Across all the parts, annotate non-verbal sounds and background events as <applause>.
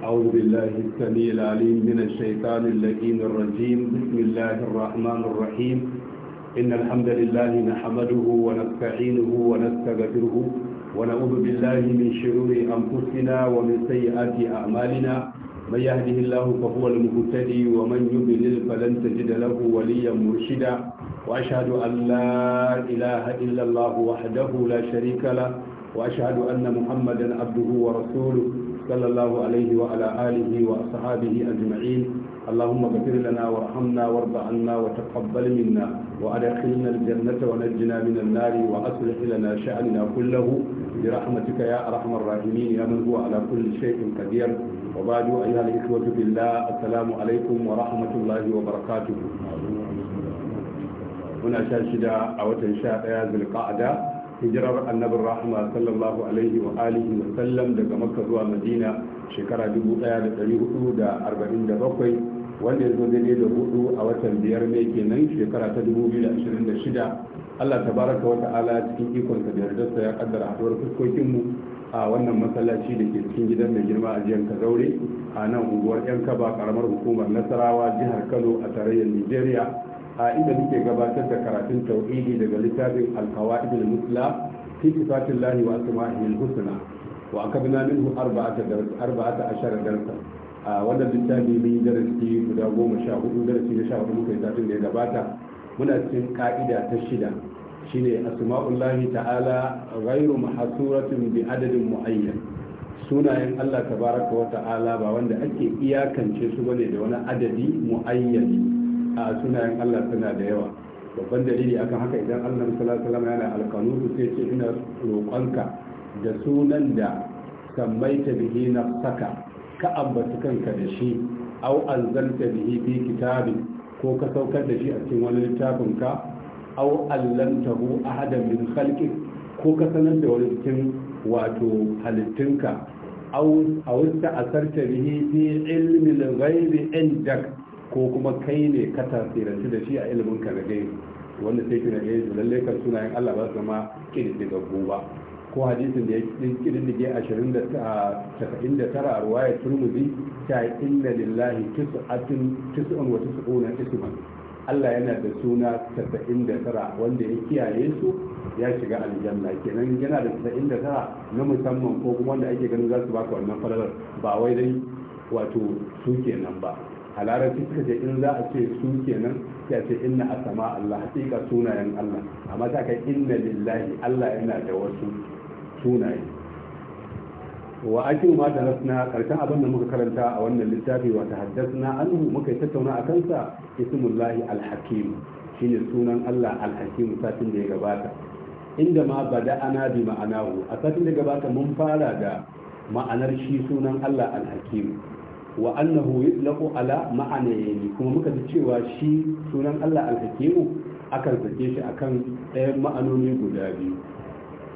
أعوذ بالله السميع العليم من الشيطان اللئيم الرجيم بسم الله الرحمن الرحيم إن الحمد لله نحمده ونستعينه ونستغفره ونعوذ بالله من شرور أنفسنا ومن سيئات أعمالنا من يهده الله فهو المهتدي ومن يضلل فلن تجد له وليا مرشدا وأشهد أن لا إله إلا الله وحده لا شريك له وأشهد أن محمدا عبده ورسوله صلى الله عليه وعلى آله وأصحابه أجمعين اللهم اغفر لنا وارحمنا وارض عنا وتقبل منا وأدخلنا الجنة ونجنا من النار وأصلح لنا شأننا كله برحمتك يا أرحم الراحمين يا من هو على كل شيء قدير وبعد أيها الإخوة بالله السلام عليكم ورحمة الله وبركاته هنا شاشدة أو تنشاء ذي القعدة hijirar annabin rahama sallallahu alaihi wa alihi wa sallam daga makka zuwa madina shekara 1447 wanda ya zo daidai da hudu a watan biyar mai kenan shekara ta 2026 allah baraka wa ta'ala cikin ikonsa da yardarsa ya kaddara haduwar mu a wannan masallaci da ke cikin gidan mai girma a jihar kazaure a nan unguwar yan kaba karamar hukumar nasarawa jihar kano a tarayyar nigeria a inda muke gabatar da karatun tauhidi daga littafin alkawaid al-musla fi sifatillahi wa asma'ihi al-husna wa akabna minhu arba'ata dars arba'ata ashara darsa a wannan littafi mun darasi guda goma sha hudu darasi na sha hudu muka yi satin da ya gabata muna cikin ka'ida ta shida shine asma'ul lahi ta'ala ghairu mahsuratin bi adadin muayyan sunayen Allah tabaraka wa ta'ala ba wanda ake iyakance su bane da wani adadi muayyani a sunayen Allah suna da yawa babban dalili akan haka idan Allah sallallahu alaihi yana alqanutu sai ce ina roƙonka da sunan da sammaita bihi nafsaka ka ambaci kanka da shi au anzalta bihi bi kitabi ko ka saukar da shi a cikin wani littafin ka au allamtahu ahadan min khalqik ko ka sanar da wani cikin wato halittunka au awista asarta bihi fi ilmi al-ghaibi indak ko kuma kai ne ka tasiranci da shi a ilimin ka na gaibi wanda sai kina gaibi lalle kan sunayen Allah ba su zama ga guba ko hadisin da ya kididdige ruwa ya turmuzi ta inna lillahi tis'atun tis'un wa tis'una isman Allah yana da suna 99 wanda ya kiyaye su ya shiga aljanna kenan yana da 99 na musamman ko kuma wanda ake ganin za su baka wannan falalar ba wai dai wato su kenan ba a larabci suka ce in za a ce su kenan sai a ce inna sama Allah hakika sunayen Allah amma ta kai inna lillahi Allah yana da wasu sunaye wa ake ma da rasna karshen abin da muka karanta a wannan littafi wata haddasa na anhu muka tattauna a kansa ismullahi alhakim shine sunan Allah alhakim satin da ya gabata inda ma bada'ana bi ma'anahu a satin da gabata mun fara da ma'anar shi sunan Allah alhakim wa annahu yutlaqu ala ma'anayni kuma muka ji cewa shi sunan Allah al-Hakimu akan sake shi akan ɗayan ma'anoni guda biyu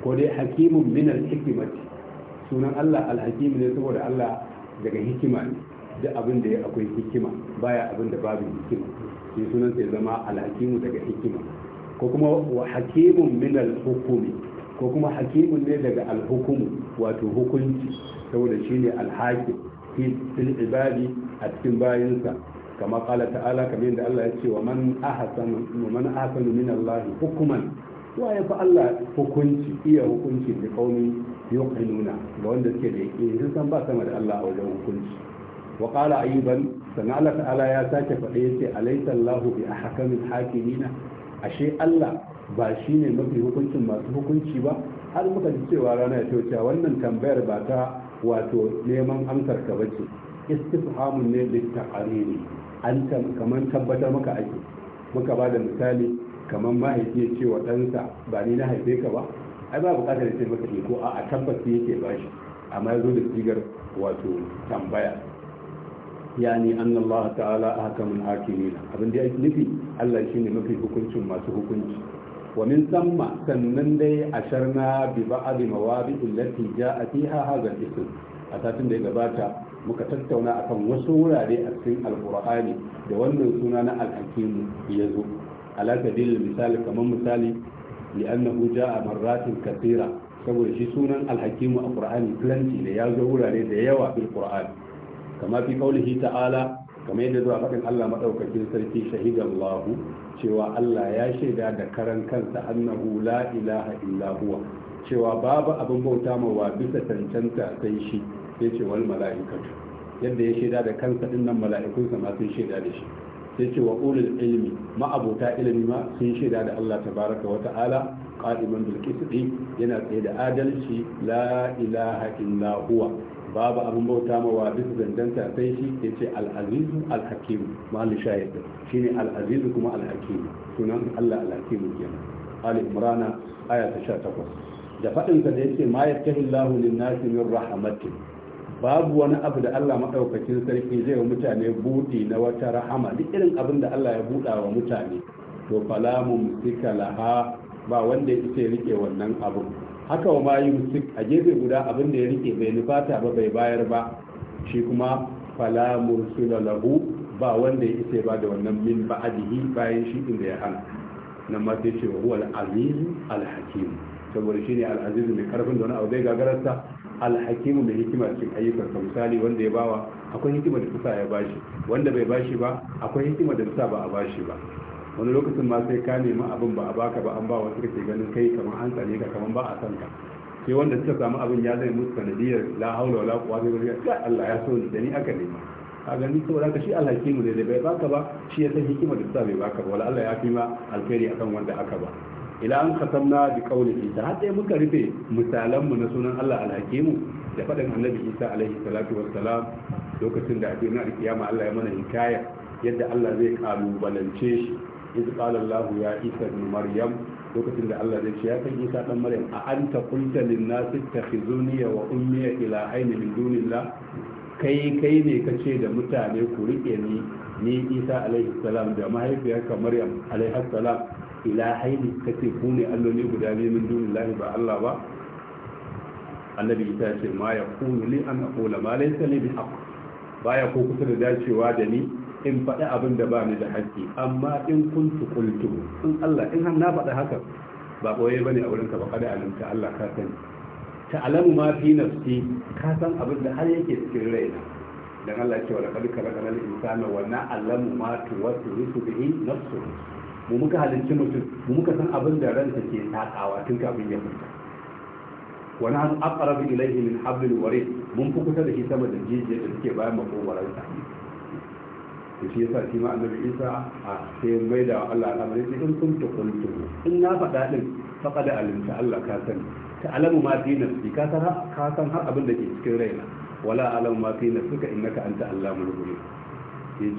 ko dai hakimun min al-hikmati sunan Allah al hakimu ne saboda Allah daga hikima ne duk abin da ya akwai hikima baya abin da babu hikima shi sunan sai zama al-Hakimu daga hikima ko kuma wa hakimun min al-hukumi ko kuma hakimun ne daga al-hukumu wato hukunci saboda shine al-hakim fil ibadi a cikin bayinsa kama kala ta'ala kamar yadda Allah ya ce wa man ahsanu man ahsanu min Allah hukuman wa ya fa Allah hukunci iya hukunci da kauni yuqinuna ga wanda suke da yake sun san ba sama da Allah a wajen hukunci wa qala ayyuban sannan Allah ta'ala ya sake faɗe yace alaysa Allah bi ahkamil hakimina ashe Allah ba shine mafi hukuncin masu hukunci ba har muka ji cewa rana ya cewa wannan tambayar ba ta wato neman amsar ka bace istifhamun ne da taqariri an kaman tabbatar maka ake muka ba da misali kaman mahaifi ya ce wa ɗansa ba ni na haife ka ba ai ba bukatar ya ce maka ko a tabbas yake shi amma ya zo da sigar wato tambaya yani anna Allah ta'ala ahkamul hakimina abin da yake nufi Allah shine mafi hukuncin masu hukunci ومن ثم سنن دي أشرنا ببعض مواضع التي جاء فيها هذا الاسم أساسا دي قباتا مكتبتونا أكم وسورة دي أسن القرآن دي ونن سنانا الحكيم يزو على سبيل المثال كما مثالي لأنه جاء مرات كثيرة saboda shi sunan alhakimu a qur'ani plenty da ya zo wurare da yawa fil qur'ani kama fi qaulihi ta'ala kamar yadda zuwa faɗin Allah maɗaukakin sarki shahidan Allahu cewa Allah ya shaida da karan kansa annahu la ilaha illa huwa cewa babu abin bauta wa bisa cancanta sai shi sai ce wal mala'ikatu yadda ya shaida da kansa dinnan mala'ikunsa ma sun shaida da shi sai ce wa ulul ilmi ma'abota ilmi ma sun shaida da Allah tabaraka wa ta'ala qa'iman bil qisti yana tsaye da adalci la ilaha illa huwa babu abin bauta ma wa duk danganta sai shi ya ce al-hakim mahalli shayar shi ne aziz kuma al-hakim sunan allah al-hakim kenan ali imrana aya ta sha takwas da faɗinsa da ya ce ma ya kahi lin nasi min rahamatin babu wani abu da allah madaukakin sarki zai wa mutane buɗi na wata rahama duk irin abin da allah ya buɗa wa mutane to fala mumsika laha ba wanda ya rike wannan abun. haka wa bayi yumsik a gefe guda abin da ya rike bai nufata ba bai bayar ba shi kuma fala suna lahu ba wanda ya isa ba da wannan min ba'adihi bayan shi inda ya hana nan ma sai ce huwa al-aziz al-hakim saboda shine al-aziz mai karfin da wani abu zai gagararsa al-hakim mai hikima cikin ayyukan sa misali wanda ya bawa akwai hikima da kusa ya bashi wanda bai bashi ba akwai hikima da kusa ba a bashi ba wani lokacin ma sai ka nemi abin ba a baka ba an ba wasu kake ganin kai kamar an tsane ka kamar ba a san ka sai wanda suka samu abin ya zai musu sanadiyar la haula wala quwwata illa billah Allah ya so ni da ni aka nema ka gani saboda ka shi Allah kimu ne da bai baka ba shi ya san hikima da sa bai baka ba wala Allah ya fi ma alkhairi akan wanda aka ba ila an khatamna bi qawlihi da hadda muka rufe misalan mu na sunan Allah alhakimu da fadin annabi Isa alaihi salatu wassalam lokacin da a duniya kiyama Allah ya mana hikaya yadda Allah zai kalubalance shi iz ya Isa ibn Maryam lokacin da Allah zai ce ya kai Isa dan Maryam a anta qulta lin nas ittakhizuni wa ummi ilahayn min dunillah kai kai ne kace da mutane ku rike ni Isa alaihi salam da mahaifiyarka Maryam alaihi salam ilahayn kace ku ne alloli guda biyu ba Allah ba annabi Isa ce ma li an aqula ma laysa li bihaq baya ko kusa da dacewa da ni in faɗi abin da ba ni da haƙƙi amma in kuntu qultu in Allah in har na faɗi haka ba ɓoye ba ne a wurinka ba kada alimta Allah ka sani alamu ma fi nafsi ka san abin da har yake cikin raina dan Allah ya ce wa laqad khalaqna al-insana wa alamu ma tuwaswisu bihi nafsuhu mu muka halicci mutum mu muka san abin da ranta ke takawa tun kafin ya fita wani hannu aqrabu ilayhi min hablil warid mun fi kusa da shi sama da jijiyar da suke bayan makogoransa to shi yasa shi ma annabi isa a sai mai da Allah al'amari sai in kun ta kuntu in na faɗa din faqad alimta Allah ka sani ta alamu ma fi nafsi ka san ka san har abin da ke cikin raina wala alamu ma fi nafsika innaka anta allamul ghuyub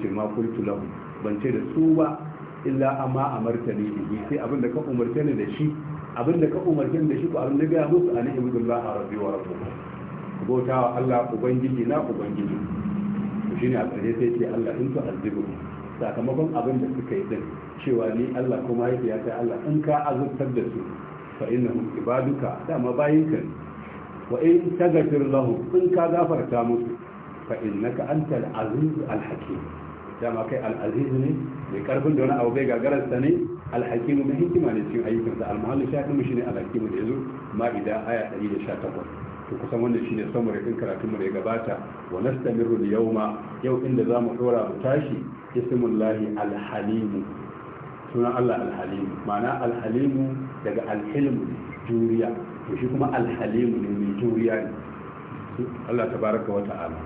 ce ma kuntu lahu ban ce da su ba illa amma amartani shi sai abin da ka umarce ni da shi abin da ka umarce ni da shi ko abin da ga musu ani ibudullah rabbi wa rabbukum bautawa Allah ubangiji na ubangiji shi ne a ƙarshe sai ce Allah in to azibu sakamakon abin da suka yi din cewa ni Allah kuma yake ya kai Allah in ka azurtar da su fa innahum ibaduka dama ka ne wa in ta taghfir lahu in ka gafarta musu fa innaka antal aziz al hakim dama kai al aziz ne mai karfin da wani abu bai gagararsa ne al hakim mai hikima ne cikin ayyukansa al mahallu shakimu shine al hakim da yazo ma'ida aya 118 to kusan wanda shine samar din karatun mu da gabata wa nastamiru yawma yau inda zamu dora mu tashi ismullahi alhalim sunan Allah alhalim ma'ana alhalim daga alhilm juriya to shi kuma alhalim ne mai juriya ne Allah tabaraka wa ta'ala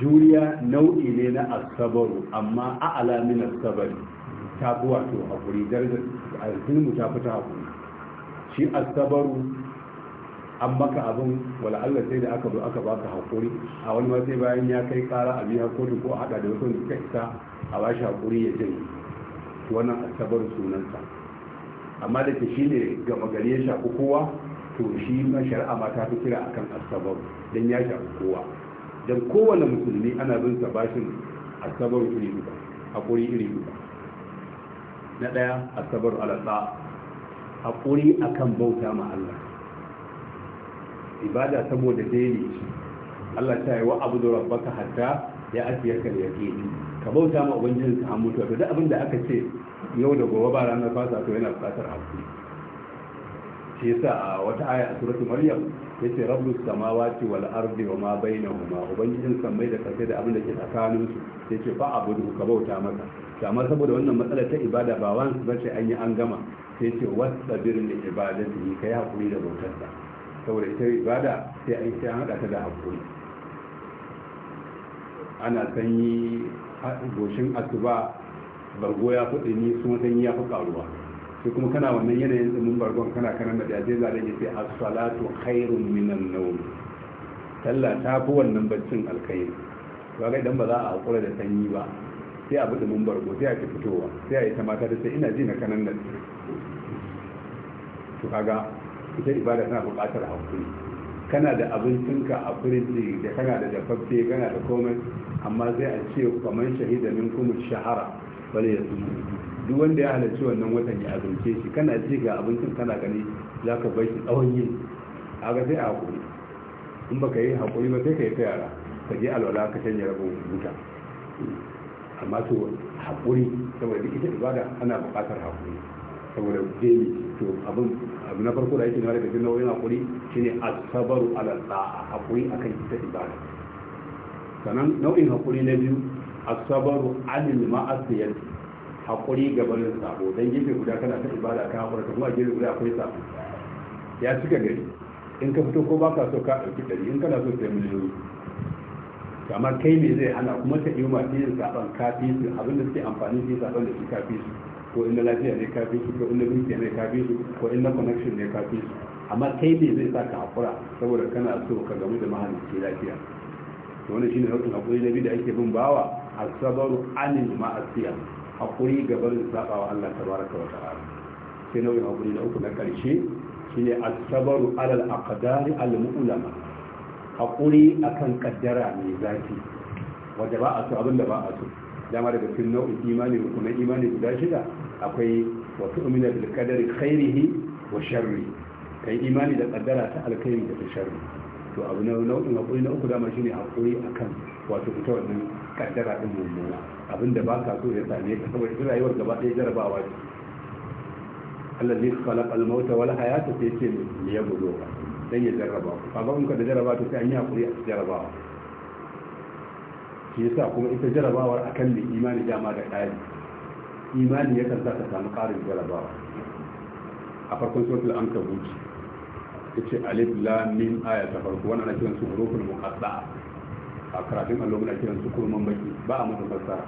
juriya nau'i ne na asabaru amma a'ala min asabari ta fi wato hakuri darajar alhilmu ta fi ta hakuri shi asabaru an maka abin wala Allah sai da aka zo aka baka hakuri a wani ma sai bayan ya kai ƙara a biya kotu ko a haɗa da wasu suka isa a bashi haƙuri ya jin wannan asabar sunansa amma da ke shine gama gari ya shafi kowa to shi ma shari'a ma ta fi kira akan asabar don ya shafi kowa dan kowane musulmi ana bin sa bashin asabar iri duka hakuri iri duka na ɗaya asabar ala haƙuri akan bauta ma Allah ibada saboda daili ce Allah ta yi wa abu da rabbaka hatta ya asiya yakan yake, ka bauta ma ubangijin ka an mutu da abin da aka ce yau da gobe ba ranar fasa to yana bukatar hakuri shi yasa a wata aya a suratu maryam yace rabbus samawati wal ardi wa ma bainahuma ubangijin mai da kasai da abin da ke tsakanin su yace fa abudu ka bauta masa amma saboda wannan matsala ta ibada ba wani bace an yi an gama sai ce wasabir li ibadatihi kai hakuri da bautar sa saboda ita ibada sai an sai an haɗa ta da hakuri ana sanyi goshin asuba bargo ya fi ɗini kuma sanyi ya fi ƙaruwa sai kuma kana wannan yanayin tsimin bargon kana kana da jaje za da yake as-salatu khairun minan nawm sallah ta fi wannan baccin alkhairi ba ga idan ba za a haƙura da sanyi ba sai a bi tsumin bargo sai a ki fitowa sai a yi ta mata da sai ina ji na kanan nan to kaga ita ibada tana buƙatar hankali kana da abincinka a firiji da kana da dafaffe kana da komai amma zai a ce kamar shahida min kuma shahara bale ya tsumu duk wanda ya halarci wannan watan ya azumce shi kana ji ga abincin kana gani za ka bai shi tsawon yin a ga sai a haƙuri in baka yi haƙuri ba sai ka yi ta yara ka je alwala ka canja rabin wuta amma to haƙuri saboda ita ibada ana buƙatar hakuri saboda jini to abin abu na farko da yake nuna daga cikin nau'in hakuri shine asabaru ala da'a hakuri akan ita ibada sanan nau'in hakuri na biyu asabaru alil ma'asiyati hakuri gabanin sabo dan gefe guda kana ta ibada ka hakura kuma a gefe guda akwai sabo ya cika gari in ka fito ko baka so ka ɗauki ɗari in kana so sai miliyoyi amma kai ne zai hana kuma ta yi masu yin saɓon kafin su abinda suke amfani su yi saɓon da su kafin su ko inda lafiya ne ka fi su ko inda dukiya ne ka fi su ko inda connection ne ka fi su amma kai ne zai sa ka hakura saboda kana so ka gamu da mahalicci lafiya to wannan shine rukun hakuri na biyu da ake bin bawa as-sabru anil ma'asiya hakuri ga barin sabawa Allah tabaraka wa ta'ala sai nau'in hakuri na uku na karshe shine as-sabru alal aqdari al-mu'lama hakuri akan kaddara mai zafi wanda ba a so abin da ba a so dama daga cikin nau'in imani na imani guda shida akwai wa tu'minu bil qadari khairihi wa sharri kai imani da kaddara ta alkhairi da ta sharri to abu na nau'in hakuri na uku dama shine hakuri akan wato ita wannan kaddara din mummuna abinda ba ka so ya same ka saboda ita rayuwar gaba ɗaya jarabawa ce Allah zai khalaqa al-mauta wal hayata sai ce ne ya gudo dan ya jarraba ku kaga in ka da jarraba to sai an yi hakuri a jarrabawa shi yasa kuma ita jarrabawar akan da imani dama da ƙari imani ya kan ka samu ƙarin galabawa. a farkon suratul ankabut yace alif lam mim aya ta farko wannan ana kiran su huruful muqatta a karatun allo muna kiran su kurman baki ba a mata fassara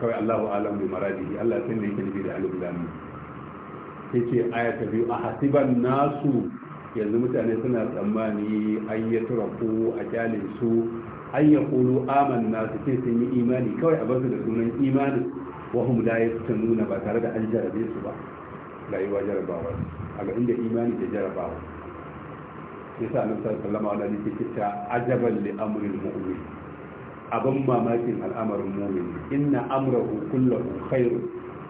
kawai Allahu alam bi maradihi Allah sai ne yake nufi da alif lam mim yace aya ta biyu a hasiban nasu yanzu mutane suna tsammani an yi turaku a kyalin su an ya kulu amanna su ce sun yi imani kawai a basu da sunan imanin wahum la yaftanuna ba tare da an jarabe su ba rayuwa jarabawa a ga inda imani ke jarabawa sai sa annabi sallallahu alaihi wasallam yake cewa ajaban li amril mu'min abin mamakin al'amarin mu'min inna amrahu kullahu khair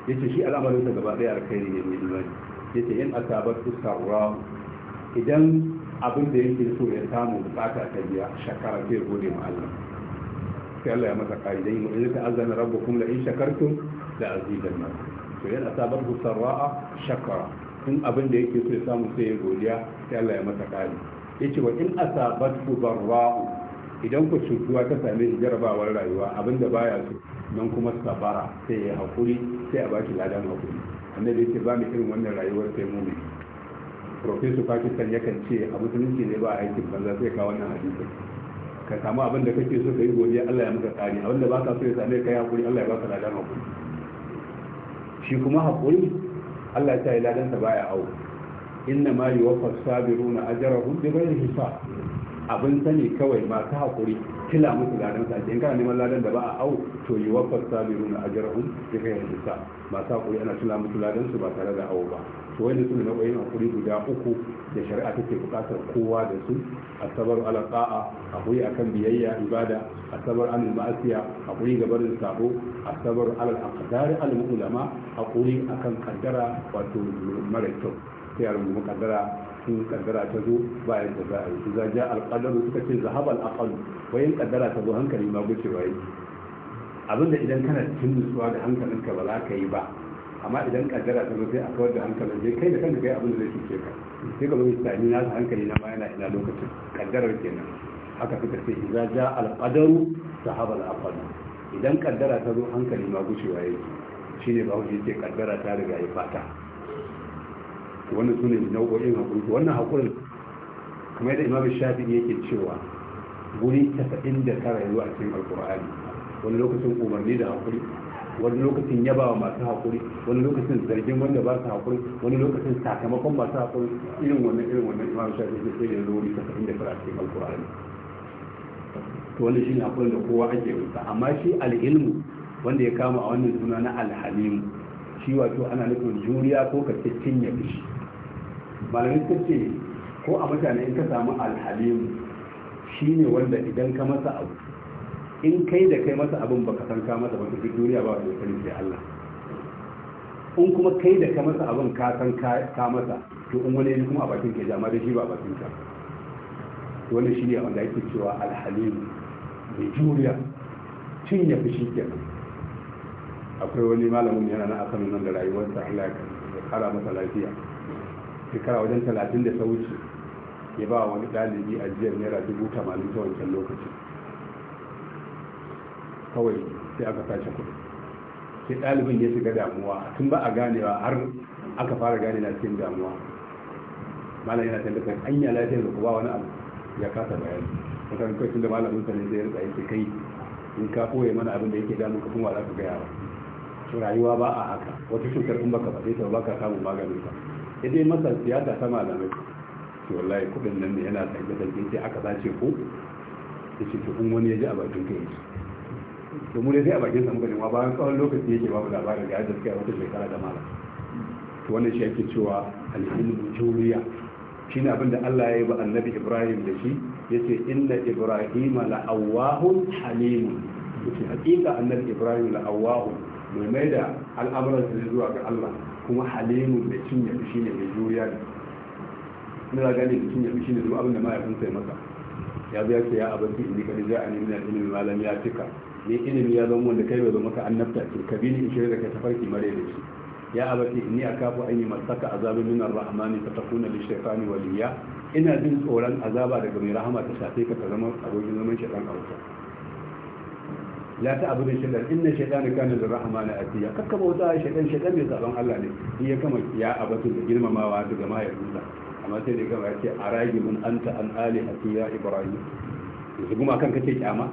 yace shi al'amarin sa gaba daya alkhairi ne mai imani yace in asabatu sarra idan abin da yake so ya samu bukata ta biya shakara sai gode ma Allah sai Allah ya masa ka'idai mu in azana rabbukum la in shakartum la azidanna to yana sabar ku sarra'a shakara in abin da yake so ya samu sai ya godiya sai Allah ya masa ka'idai yace wa in asabatu barra'u idan ku cutuwa ta same shi jarabawar rayuwa abinda baya so nan kuma sabara sai ya hakuri sai a baki ladan hakuri annabi yace ba mu irin wannan rayuwar sai mu ne. professor pakistan yakan ce a musulunci ne ba aikin banza sai ka wannan hadisi ka samu abin da kake so ka yi godiya Allah ya maka kari abin da ka so ya same ka ya hakuri Allah ya baka ladan hakuri shi kuma hakuri Allah ya sa ladan sa baya awo inna ma yuwaffa sabiruna ajrahum bi ghairi hisab abin sani kawai masu hakuri kila musu ladan sa idan kana neman ladan da ba a au to yi wa bi na ajrahum bi ghairi ba masu hakuri ana kila musu ladan su ba tare da au ba to wani su ne nau'o'in haƙuri guda uku da shari'a take bukatar kowa da su asabar ala ta'a akwai akan biyayya ibada asabar an ma'asiya akwai ga barin sabo asabar ala aqdar al mu'lama haƙuri akan kaddara wato mara kyau sai ta zo ba za a ta zo hankali ma abinda idan kana nutsuwa da ba za ka yi ba amma idan kaddara ta zo sai a kawar da hankalin kai da kai abinda zai cuce ka sai ka zo sami na hankali na ma yana ina lokacin kaddarar kenan haka suka ce ja idan kaddara ta zo hankali ma gushewa yake ba ce kaddara ta riga ya fata wannan su ne nau'o'in haƙuri wannan haƙurin kamar yadda imam shafi yake cewa guri tasa'in da tara yanzu a cikin alƙur'ani wani lokacin umarni da haƙuri wani lokacin yabawa masu haƙuri wani lokacin zargin wanda ba su haƙuri wani lokacin sakamakon masu haƙuri irin wannan irin wannan imam shafi yake sai yanzu guri tasa'in da tara a cikin alƙur'ani to wannan shi ne haƙurin da kowa ake wuta amma shi al'ilmu wanda ya kama a wannan suna na alhalimu shi wato ana nufin juriya ko ka cikin ya fi shi malamin ta ce ko a mutane in ka samu alhalim shi ne wanda idan ka masa abu in kai da kai masa abin baka san ka masa wata duk duniya ba da sani sai Allah in kuma kai da ka masa abin ka san ka masa to in wani ne kuma a bakin ke jama da shi ba a bakin ka wannan shi ne wanda yake cewa alhalim mai juriya cin ya fi shi kenan akwai wani malamin yana na asalin nan da rayuwarsa Allah ya kara masa lafiya shekara wajen talatin da ta wuce ya ba wani ɗalibi ajiyar naira dubu tamanin ta wancan lokaci kawai sai aka sace kuɗi sai ɗaliban ya shiga damuwa tun ba a ganewa har aka fara gane na cikin damuwa malam yana tambayar anya lafiyar da kuma wani abu ya kasa bayani wasan kai tun da malamin sa ne zai rika yake kai in ka koya mana abin da yake damu ka kuma za ka gaya ba rayuwa ba a haka wata cutar kuma baka faɗe ta ba ka samun maganin ka. ya masar siyasa ta malamai ke wallahi kudin nan ne yana sake sake sai aka sace ko ya ce in wani ya ji a bakin kai da mu dai sai a bakin sa muka nema bayan tsawon lokaci yake babu labarin ga yadda suka yi wata shekara da mala to wannan shi ake cewa alhilmu juriya shi abin abinda Allah ya yi ba annabi Ibrahim da shi yace inna Ibrahim la awwahun halim yace hakika annabi Ibrahim la'awahun awwahun mai mai da al'amuransa ne zuwa ga Allah kuma halimun mai cin yafi shi ne mai juriya ne Ina za gane da cin yafi shi ne zuwa abin da mahaifinsa ya masa ya zo ya ce ya abarci in ka rija an min ilimin malam ya cika ne ilimi ya zama wanda kai bai zo ka annabta ce ka bi ni in shirya da kai ta farki mare da shi ya abarci in ni a akafu an yi masaka azabin min ar-rahmani fa takuna li shaytani waliya ina jin tsoron azaba daga mai rahama ta shafe ka ka zama abokin zaman shaytan a wuta la ta abu da shaitan inna shaitan kana da rahmana atiya kakka bauta shaitan shaitan ne tsaron Allah ne in ya kama ya abatu da girmamawa ya mahaifinsa amma sai da gaba ce a ragi anta an ali atiya ibrahim yanzu kuma kan kace kyama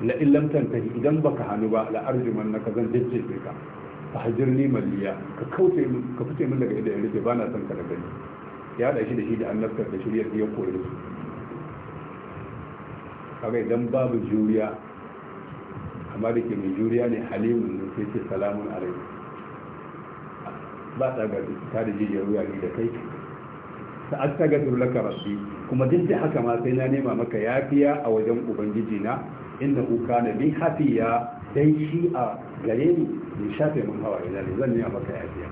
la illam tantahi idan baka hanu ba la man naka zan jajjefe ka fa hajirni maliya ka kaute mun ka fice min daga idan rufe ba na son ka da gani ya da shi da shi da annabtar da shirya ya koyi su kaga idan babu juriya amma da ke mai juriya ne halimun da ke ce salamun alaikum ba ta ga ta da jijiyar wuya ni da kai ta an ta gazuru laka rasu. kuma duk da haka ma sai na nema maka yafiya a wajen ubangiji na inda kuka na bi hafiya dan shi a gare ni ne shafe mun hawaye na ne zan nema maka yafiya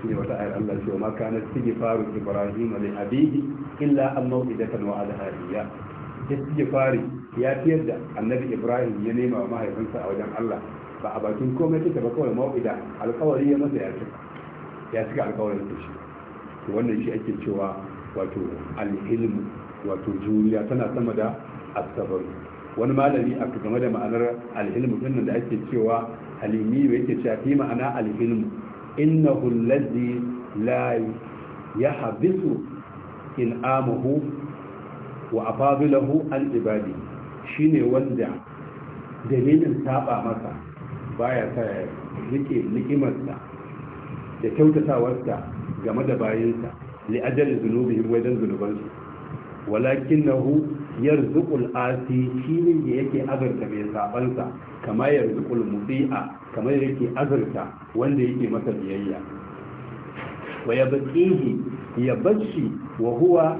shi ne wata ayar Allah ce wa ma kana Faru ibrahim li abihi illa an mawidatan wa adhariya istighfari ya fiyar da annabi ibrahim ya nema wa mahaifinsa a wajen allah ba a bakin komai take ba kawai mawuida alkawari ya masa ya cika ya cika alkawarin da shi wannan shi ake cewa wato alhilmu wato juriya tana sama da asabaru wani malami a game da ma'anar alhilmu din da ake cewa halimi bai yake cewa fi ma'ana alhilmu innahu allazi la yahbisu in amahu wa afadilahu al'ibadi ibadi shine wanda dalilin taɓa masa baya ta ya rike ni'imarsa da kyautatawarsa game da bayinsa li ajali zunubihim wajen zunubansu walakinahu yarzuqul asi shine da yake azurta mai saɓansa kama yarzuqul musi'a kama yake azarta wanda yake masa biyayya wa yabqihi ya bashi wa huwa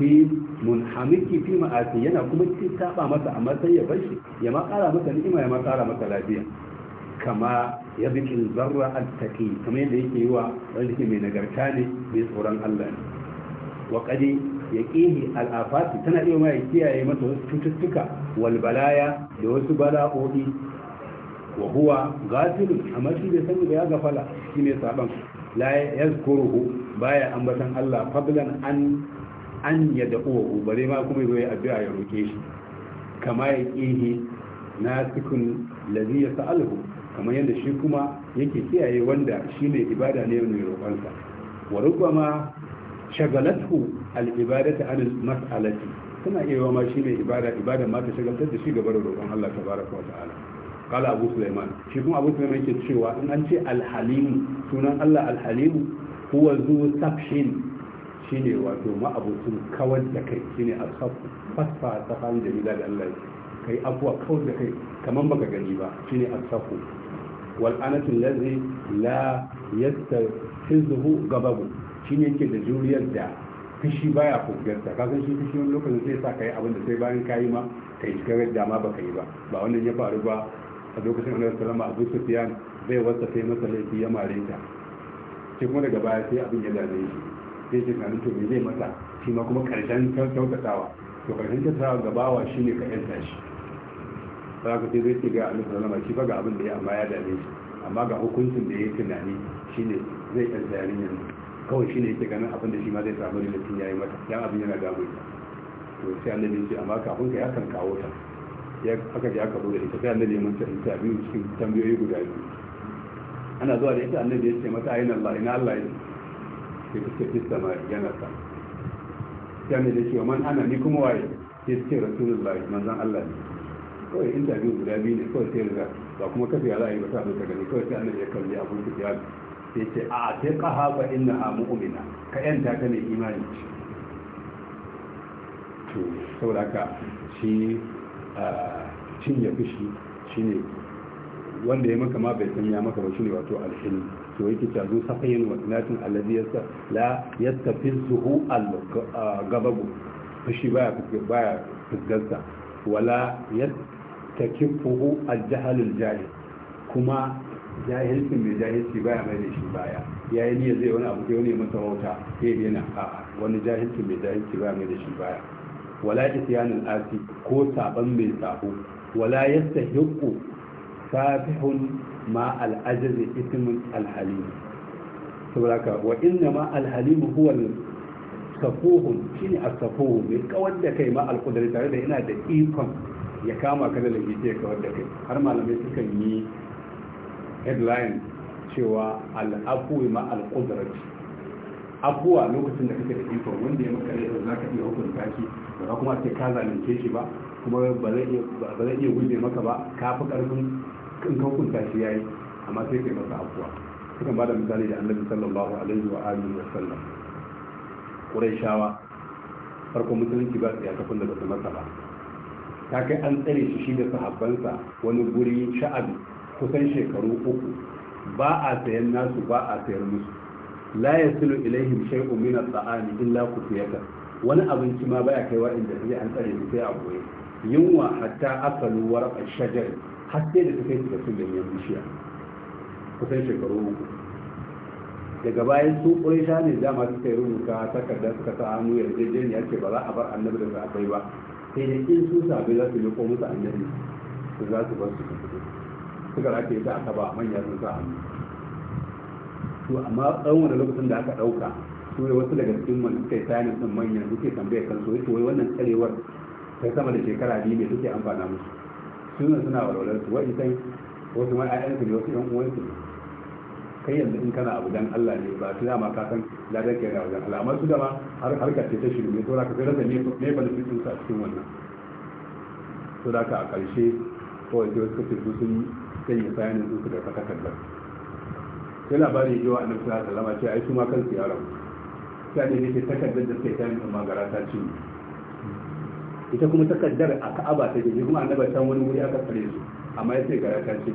aqil munhamiki fi ma'asi yana kuma cikin saba masa amma sai ya bar ya ma kara masa ni'ima ya ma kara masa lafiya kama ya biki zarra attaqi kamar yadda yake yi wa wanda yake mai nagarta ne mai tsoron Allah ne wa qadi yaqihi al'afati tana iya ma kiyaye masa wasu cututtuka wal balaya da wasu bala'o'i wa huwa gafilun amma shi bai sani da ya gafala shine saban la yazkuruhu baya ambatan Allah fadlan an an ya da wa bare ma kuma zo ya addu'a ya roke shi kama ya kihi na cikin lazi ya sa'alhu kamar yadda shi kuma yake kiyaye wanda shi ne ibada ne mai roƙonsa wa rubama shagalatu al-ibadatu an mas'alati suna iya ma shi ne ibada ibada ma ta shagaltar da shi gaba da roƙon Allah tabaraka wa ta'ala qala abu sulaiman shi kuma abu sulaiman yake cewa in an ce al-halim sunan Allah al-halim huwa zu safhin shine wato ma'abucin kawar da kai shine alhaku fasfa tsakanin jamila da Allah kai abuwa kawar da kai kamar baka gani ba shine alhaku wal anatul ladzi la yastahizuhu gababu shine yake da juriyar da fishi baya fuskarta ka san shi fushi wani lokacin sai sa kai abin da sai bayan yi ma kai da dama baka yi ba ba wannan ya faru ba a lokacin annabi sallama abu sufyan bai wasa sai masa laifi ya mare ta sai kuma daga baya sai abin ya zane shi zai ce tunanin to me zai mata shi ma kuma karshen kyautatawa to karshen kyautatawa gabawa shi ne ka yanta shi za ka sai zai ce ga annabi sallama shi ba ga abin da ya amma ya dame shi amma ga hukuncin da ya yi tunani shi ne zai yanta yarinyar kawai shi ne yake ganin abin da shi ma zai samu mutum ya yi mata yan abin yana damu ita to sai annabi ce amma kafin ka ya kan kawo ta ya aka ji aka bude ita sai annabi ya ta biyu cikin tambayoyi guda biyu ana zuwa da ita annabi ya ce mata ayin Allah ina Allah ya sai suka fi sama yana sama sai mai da cewa man ana ni kuma waye sai suke rasulullahi manzan allah ne kawai interview guda biyu ne kawai sai riga ba kuma kafi ya ra'ayi ba ta zo gani kawai sai annabi ya kalli abu su ya sai ce a sai qaha fa innaha mu'umina. ka yanta ta ne imani to saboda ka shi cin ya fushi ne wanda ya maka ma bai san ya maka ba shi ne wato alhin to yake ta zo safayin wa inatin alladhi yasta la yastafizuhu al-gababu fushi baya baya fuskarsa wala yastakifuhu al-jahalul jahil kuma jahilcin mai jahilci baya mai da shi baya yayi ne zai wani abu wani masa wauta sai yana a'a wani jahilcin mai jahilci baya mai da shi baya wala isyanul asi ko saban mai sabo wala yastahiqu fatihun ma al'ajiz ismin alhalim saboda ka wa inna ma alhalim huwa safuhun shine as-safuhu mai kawar da kai ma al tare da yana da ikon ya kama kada da lafiya ya kawar kai har malamai sukan yi headline cewa al-afwi ma al-qudrati abuwa lokacin da kake da ikon wanda ya maka laifin za ka iya hukunta shi ba za kuma sai ka zalunce shi ba kuma ba zai iya guje maka ba ka fi karfin in ka hukunta shi yayi amma sai kai masa afuwa sukan bada misali da annabi sallallahu alaihi wa alihi wa sallam quraishawa farkon musulunci ba su yakafin da basu masa ba ta kai an tsare shi shi da sahabbansa wani guri sha'abi kusan shekaru uku ba a sayan nasu ba a sayar musu la yasilu ilaihim shay'un min at-ta'ami illa kufiyata wani abinci ma baya kaiwa inda sai an tsare shi sai a goye yunwa hatta akalu warqa shajar haske da ta kai da sun ganyen bishiya kusan shekaru uku daga bayan su ƙurisha ne dama suka yi rubuta takarda suka sa hannu yarjejeniya ce ba za a bar annabi da sahabbai ba sai da in su sahabbai za su yi ko musu annabi su za su bar su su fito suka rake ta aka ba manya sun sa hannu to amma tsawon wani lokacin da aka ɗauka su ne wasu daga cikin wanda suka yi sayanin sun manyan suke kan kansu wai wannan tsarewar ta sama da shekara biyu ne suke amfana musu sunan suna walwalar su wa'i san wasu ma ƴaƴansu ne wasu 'yan uwansu ne kai yanzu in kana abu dan Allah ne ba su dama ka san ladan kai na wajen Allah amma su dama har harkar ce ta shirin ne saboda ka sai rasa ne ba da su a cikin wannan to da ka a ƙarshe kawai sai wasu kafin su sun sanya sayanin su da saka kallar sai labarin yawa annabi sallallahu alaihi wasallam ce ai su ma kansu ya rabu sai ne yake takardar da sai ta yi magara ta cinye ita kuma takaddar a ka'aba ta gani kuma annabi ta wani wuri aka tsare su amma ya ce ga ta ce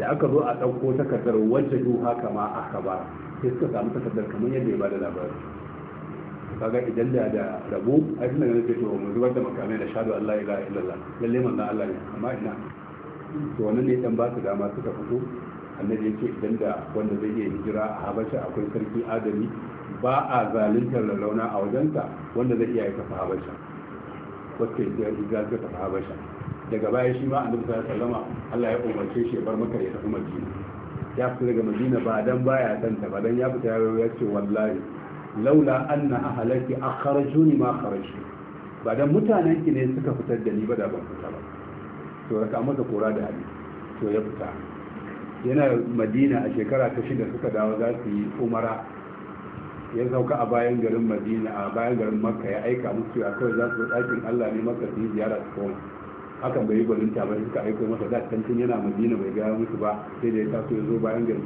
da aka zo a ɗauko takaddar wacce duha kama aka ba sai suka samu takaddar kamar yadda ya bada labari kaga idan da da rabu a cikin da nake to mu zubar da makamai da shadu Allah ila illallah lalle manzon Allah ne amma ina to wannan ne dan ba su dama suka fito annabi yake idan da wanda zai iya hijira a Habasha akwai sarki Adami ba a zaluntar launa a wajenta wanda zai iya aikata Habasha wacce ya gaza ta habasha daga baya shi ma annabi sallallahu alaihi Allah ya umarce shi ya bar maka ya tafi madina ya fita daga madina ba dan baya dan ta ba dan ya fita ya ce wallahi laula anna ahlaki akharajuni ma kharajtu ba dan mutanen ki ne suka fitar da ni ba da ban fita ba to raka masa kora da hali to ya fita yana madina a shekara ta shida suka dawo za su yi umara ya sauka a bayan garin madina a bayan garin makka ya aika musu a kawai za su ɗakin allah ne makka su yi ziyara su koma hakan bai yi gwanin ba suka aiko masa da tantin yana madina bai gaya musu ba sai da ya taso ya zo bayan garin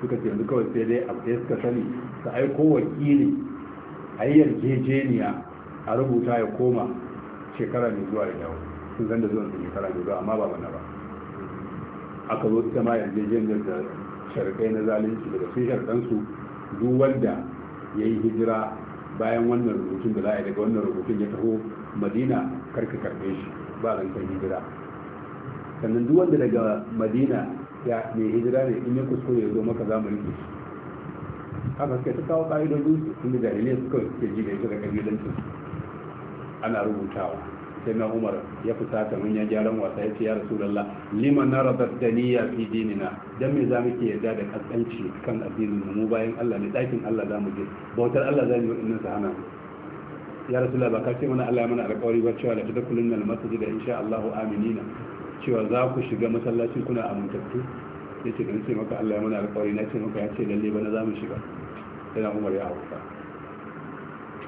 suka ce yanzu kawai sai dai abu ɗaya suka sani su aiko wakili a yi yarjejeniya a rubuta ya koma shekara mai zuwa ya dawo sun san da zuwan shekara mai zuwa amma ba bana ba aka zo ita ma yarjejeniyar da sharkai na zalunci daga sun sharkansu duk wanda ya yi hijira bayan wannan rubutun da za a yi daga wannan rubutun ya taho madina karka karfe shi ba kai hijira sannan duk wanda daga madina ya ne hijira ne in ya kuskure ya zo maka za mu rike shi haka suka ta kawo ƙa'idodin su inda jahiliya suka ke ji da ita da ƙabilancin ana rubutawa sai na umar ya fita ta mun ya gyaran wasa ya ce ya rasulullah liman na rabar da daniya fi dinina don me za mu ke yarda da kaskanci kan addinin mu bayan Allah ne ɗakin Allah za mu je bautar Allah za mu yi inna sahana ya rasulullah ba ka ce mana Allah ya mana alƙawari ba cewa la tadkhulun al masjid insha Allah aminina cewa za ku shiga masallacin kuna amintattu ce yace dan ce maka Allah ya mana alƙawari na ce maka ya ce lalle ba na za mu shiga sai na umar ya hauka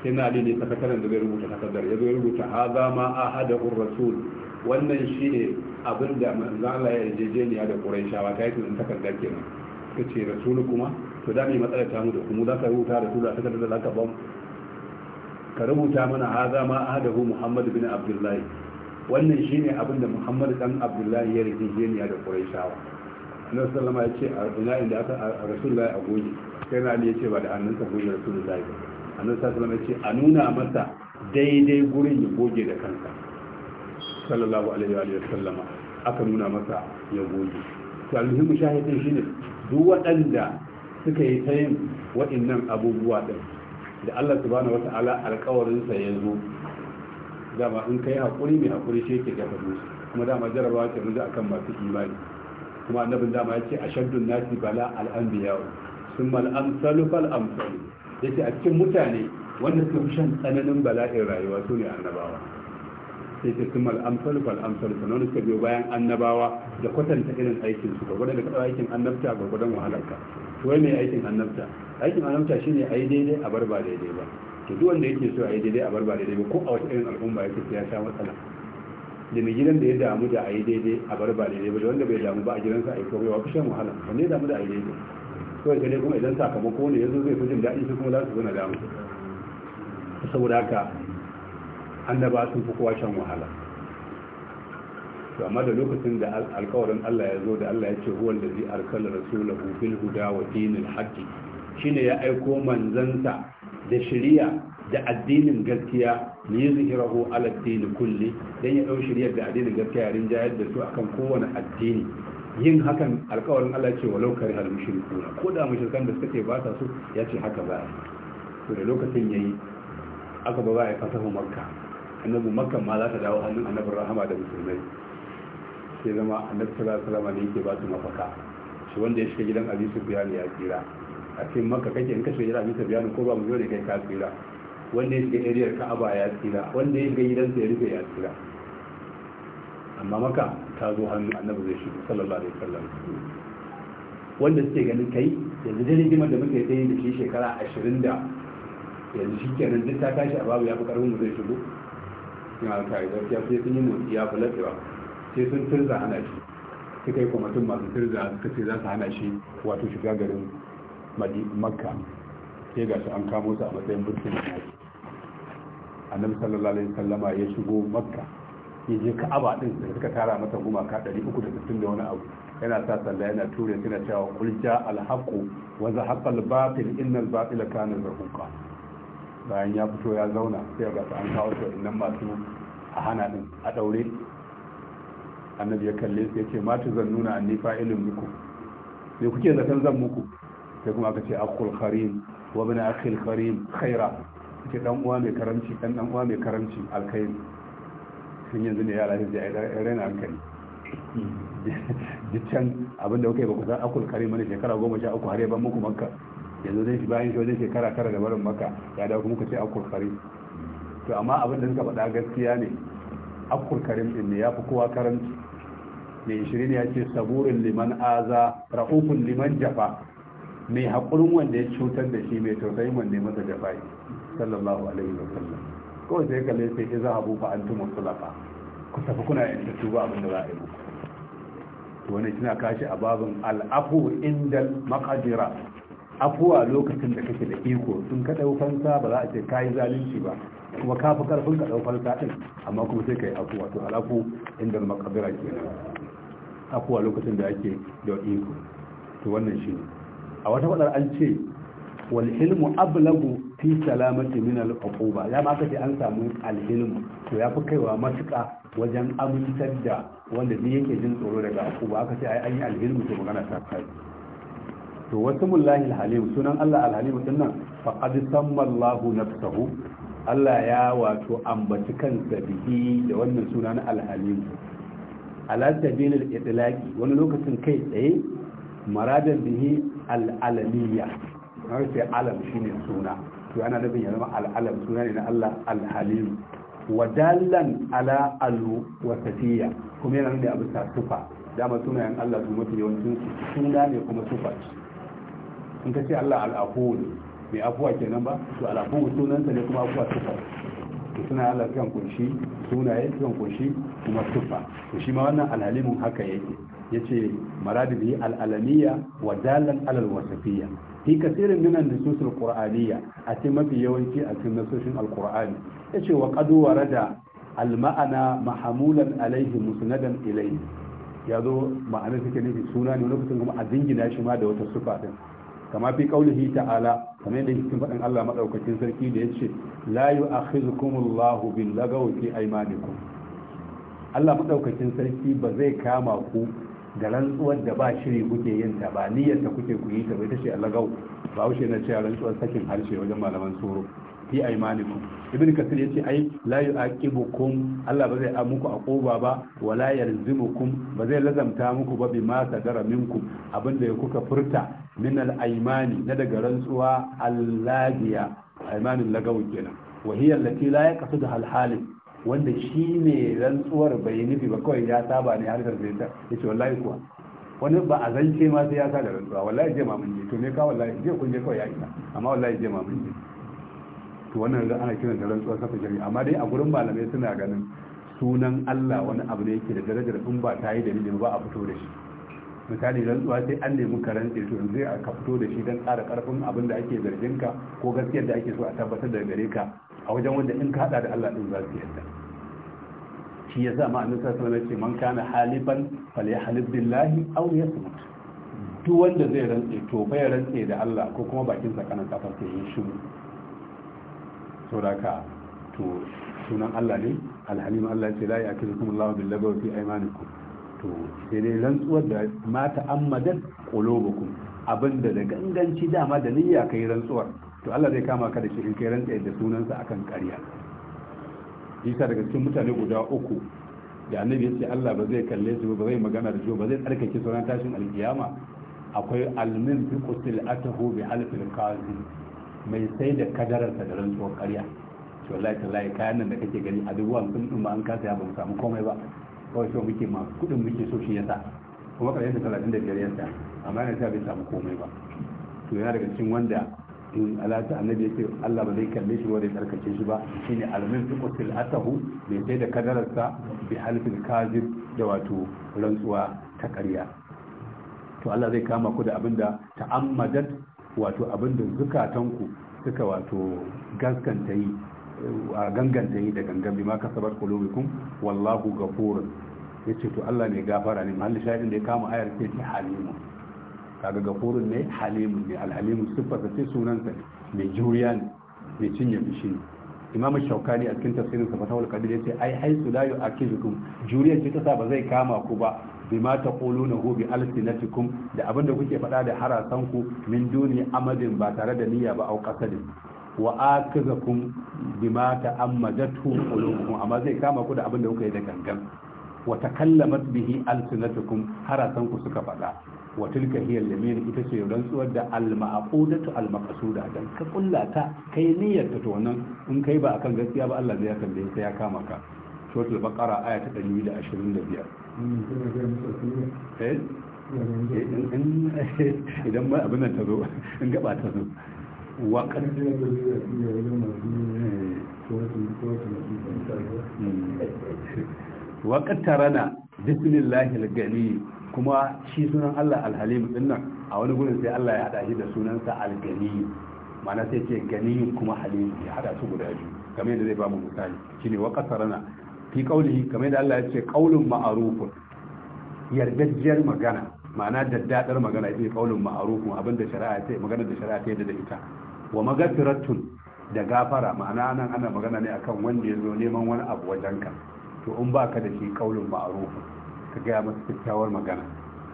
sai na ali ne sakataren da zai rubuta takardar ya zai ya rubuta haza ma ahadahu rasul wannan ne abin da manzo Allah ya yarjejeniya da Qurayshawa ta yi takardar kenan kace rasulu kuma to da mai matsala ta mu da kuma za ka rubuta rasulu a takardar da za ka ba ka rubuta mana haza ma hu Muhammad bin Abdullahi wannan ne abin da Muhammad dan Abdullahi ya yarjejeniya da Qurayshawa annabi sallama ya ce a ina inda aka rasulullahi a goji sai na ali ya ce ba da hannunka goji rasulullahi ba annabi sallallahu alaihi wasallam ya ce a nuna masa daidai gurin ya goge da kansa sallallahu alaihi wa sallama aka nuna masa ya goge to almuhimmu shahidin shine duk waɗanda suka yi ta yin waɗannan abubuwa ɗin da Allah subhanahu wata'ala alƙawarin sa ya zo dama in kai hakuri mai hakuri shi yake gafa musu kuma dama jarabawa ce mun akan masu imani kuma annabin dama ya ce ashaddun nasi bala al-anbiya'u thumma al-amsalu fal-amsalu ya ce a cikin mutane wanda sun shan tsananin bala'in rayuwa su ne annabawa sai ce sun mal'amsal fal'amsal sanar suka biyo bayan annabawa da kwatanta irin aikin su gwagwadon da kaɗa aikin annabta gwagwadon wahalarka to wai mai aikin annabta aikin annabta shine a yi daidai a bar ba daidai ba to duk wanda yake so a yi daidai a bar ba daidai ba ko a wata irin al'umma yake ya sha matsala da mai gidan da ya damu da a yi daidai a bar ba daidai ba da wanda bai damu ba a gidansa a yi kawai wa fi shan wahala wanda ya damu da a yi daidai kawai gare kuma idan sakamako ne yanzu zai fi jin daɗi su kuma za su zo na damu saboda haka annaba sun fi kowa shan wahala to amma da lokacin da alkawarin Allah ya zo da Allah ya ce huwa zai arsala rasulahu bil huda wa dinil haqqi shine ya aiko manzanta da shari'a da addinin gaskiya ne yuzhirahu ala din kulli dan ya ɗau shari'a da addinin gaskiya rinjayar da su akan kowane addini yin hakan alkawarin Allah ce walau kare hal mushrikuna ko da mushrikan da suka ce ba sa su ya ce haka ba to da lokacin ya yi aka ba ya fasahu makka annabi makka ma za ta dawo hannun annabin rahama da musulmai sai zama annabi sallallahu alaihi wasallam ne yake ba su mafaka shi wanda ya shiga gidan Abi Sufyan ya tsira a cikin makka kake in ka shiga gidan Abi Sufyan ko ba mu zo da kai ka tsira wanda ya shiga area Ka'aba ya tsira wanda ya shiga gidansa ya rufe ya tsira amma maka ta zo hannu annabi zai shigo sallallahu alaihi sallam. wanda suke ganin kai yanzu dai gima da muke tsaye da shi shekara ashirin da yanzu shi ke duk ta tashi a babu ya fi karfin mu zai shigo yin alkari ya sai sun yi motsi ya fi ba sai sun turza hana shi suka yi kwamitin masu turza suka ce za su hana shi wato shiga garin makka sai ga su an kamo su a matsayin burkin annabi sallallahu alaihi wasallama ya shigo makka ya je ka'aba din da suka tara mata gumaka 360 da wani abu yana sa salla yana ture na cewa kul ja al haqu wa zahaqa al batil innal batila kana zahuqa bayan ya fito ya zauna sai ga an kawo su nan masu a hana din a daure annabi ya kalle su yace ma tu nuna anni fa'ilun muku me kuke zaton zan muku sai kuma aka ce akul kharim wa bin akhil kharim khaira ke dan uwa mai karamci dan dan uwa mai karamci alkhairi tun yanzu ne yara sai a raina hankali dukkan abin da kuka yi ba ku san akul kare mana shekara goma sha uku har ya ban muku makka yanzu zai shi bayan shi wajen shekara tara da barin makka ya dawo kuma ka ce akul kare to amma abin da suka faɗa gaskiya ne akul kare din ne ya fi kowa karanci mai shirin ya ce saburin liman aza rahufun liman jafa mai haƙurin wanda ya cutar da shi mai tausayin wanda ya masa jafa sallallahu alaihi wa sallam kawai sai kalle sai ke za a bufa an tuma sulaka ku tafi kuna yin ta tuba abin da za a yi muku to wani kina kashi a babin al'afu indal makadira afuwa lokacin da kake da iko sun ka daukan fansa ba za a ce kayi zalunci ba kuma ka fi karfin ka daukan fansa din amma kuma sai kai afuwa to al'afu indal ke nan afuwa lokacin da ake da iko to wannan shi a wata faɗar an ce wal ilmu ablagu fi salamati min al-uquba ya ma kace an samu alhilm to ya fi kaiwa matuƙa wajen amintar da wanda ne yake jin tsoro daga uquba aka ce ai an yi alhilm to magana ta kai to wasu mullahi al-halim sunan Allah al-halim din nan faqad na Allah nafsuhu Allah ya wato ambaci kansa bihi da wannan suna na al-halim ala sabilil itlaqi wani lokacin kai tsaye maradan bihi al har sai alam shine suna to ana nufin ya zama al'alam suna ne na Allah wa dallan ala alu wasatiya kuma yana nufin abu sa sufa dama sunayen Allah su mafi yawancin su suna ne kuma sufa in ka ce Allah al'afuwa ne mai afuwa nan ba to sunan sa ne kuma afuwa sufa to suna Allah kan kunshi sunaye kan kunshi kuma sufa to shi ma wannan al-halimun haka yake yace maradu bihi al-alamiyya wa dalan alal wasafiya. fi kasirin minan nusus al a cikin mafi yawanci a cikin nasoshin al-qur'ani yace wa qad warada al-ma'ana mahmulan alayhi musnadan ilayhi yazo ma'anar take nufi suna ne wani kuma a dingina shi ma da wata sufa din kama fi kaulihi ta'ala kamar da cikin fadin Allah madaukakin sarki da yace la yu'akhidhukumullahu bil lagawi fi aymanikum Allah madaukakin sarki ba zai kama ku da rantsuwar da ba shiri kuke yin ta ba niyyar kuke ku yi ta bai tashi alagau ba wuce na cewa rantsuwar sakin harshe wajen malaman tsoro fi aimanikum ibn kasir yace ai la yu'aqibukum Allah ba zai a koba ba wala yalzimukum ba zai lazamta muku ba bima sadara minkum abinda ya kuka furta min al aimani na daga rantsuwa alladiya aimanin lagau kenan wa hiya allati la yaqsidu al wanda shi ne rantsuwar bai nufi ba kawai ya saba ne harkar zai ya ce wallahi kuwa wani ba a zance ma sai ya sa da rantsuwa wallahi je mamun je to ne ka wallahi je kun je kawai ya isa amma wallahi je mamun je to wannan ana kiran da rantsuwar kafa shari'a amma dai a gurin malamai suna ganin sunan Allah wani abu ne yake da darajar in ba ta yi dalilin ba a fito da shi misali rantsuwa sai an nemi ka rantse to yanzu a ka fito da shi don ƙara ƙarfin abin da ake zargin ka ko gaskiyar da ake so a tabbatar da gare ka a wajen wanda in ka hada da Allah din za su yarda shi yasa ma annabi sallallahu alaihi wasallam ya ce man kana haliban falyahlib billahi aw yasmut duk wanda zai rantse to fa ya rantse da Allah ko kuma bakin sa kana kafar sai yin shiru saboda to sunan Allah ne alhalim Allah ce la ya'kizukum Allahu bil lagwi fi aymanikum to sai dai rantsuwar da mata ammadat qulubukum abinda da ganganci dama da niyya kai rantsuwar to Allah zai kama ka da shi in kai rantsa da sunansa akan ƙarya isa daga cikin mutane guda uku da annabi ya ce Allah ba zai kalle su ba zai magana da su ba zai tsarkake sunan tashin alkiyama akwai almin fi qutil atahu bi halfil qazi mai sai da kadarar da rantsuwar ƙarya to wallahi tallahi kayan nan da kake gani a duk wannan ba an kasa ya ba mu samu komai ba kawai shi muke ma kudin muke so shi yasa kuma talatin da 35 yasa amma yana ta bai samu komai ba to yana daga cikin wanda in alata annabi ya ce Allah ba zai kalle shi ba ya tsarkake shi ba shine almin qutil atahu bai sai da kadararsa bi halfil kazib da wato rantsuwa ta ƙarya to Allah zai kama ku da abinda ta'ammadat wato abinda zukatanku suka wato gaskanta yi a ganganta yi da gangan bi ma kasabar kulubikum wallahu ghafurun yace to Allah ne gafara ne mahalli da ya kama ayar ce halimu kaga gafurun ne halimun ne alhalimu siffarsa sai sunansa mai juriya ne mai cinye fushi ne imam shaukani a cikin tafsirin tafsirinsa fatawul qadir yace ai haisu la akizukum juriya ce ta sa ba zai kama ku ba bima taquluna hu bi alsinatikum da abinda kuke faɗa da harasan ku min duni amadin ba tare da niyya ba au qasadin wa akizakum bima ta'ammadatu qulubukum amma zai kama ku da abinda kuka yi da gangan wa takallamat bihi alsinatukum harasan ku suka faɗa wa tilka hiya yamin ita ce rantsuwar da al-ma'qudatu al-maqsuda dan ka kullata kai niyyar ta to wannan in kai ba akan gaskiya ba Allah zai kalle ka ya kama ka suratul baqara aya ta 125 eh idan ma abin nan ta zo in gaba ta zo wa kan <laughs> kuma shi sunan Allah al-Halim din nan a wani gurin sai Allah ya hada shi da sunansa algani ma'ana sai ce gani kuma halim ya hada su guda biyu kamar yadda zai ba mu misali shine wa qasarana fi qawlihi kamar yadda Allah ya ce qawlun ma'ruf yardajjiyar magana ma'ana daddadar magana ita qawlun ma'ruf abinda shari'a ta magana da shari'a ta yadda da ita wa magfiratun da gafara ma'ana nan ana magana ne akan wanda ya zo neman wani abu wajenka to in baka da shi qawlun ma'ruf ka gaya masa kyakkyawar magana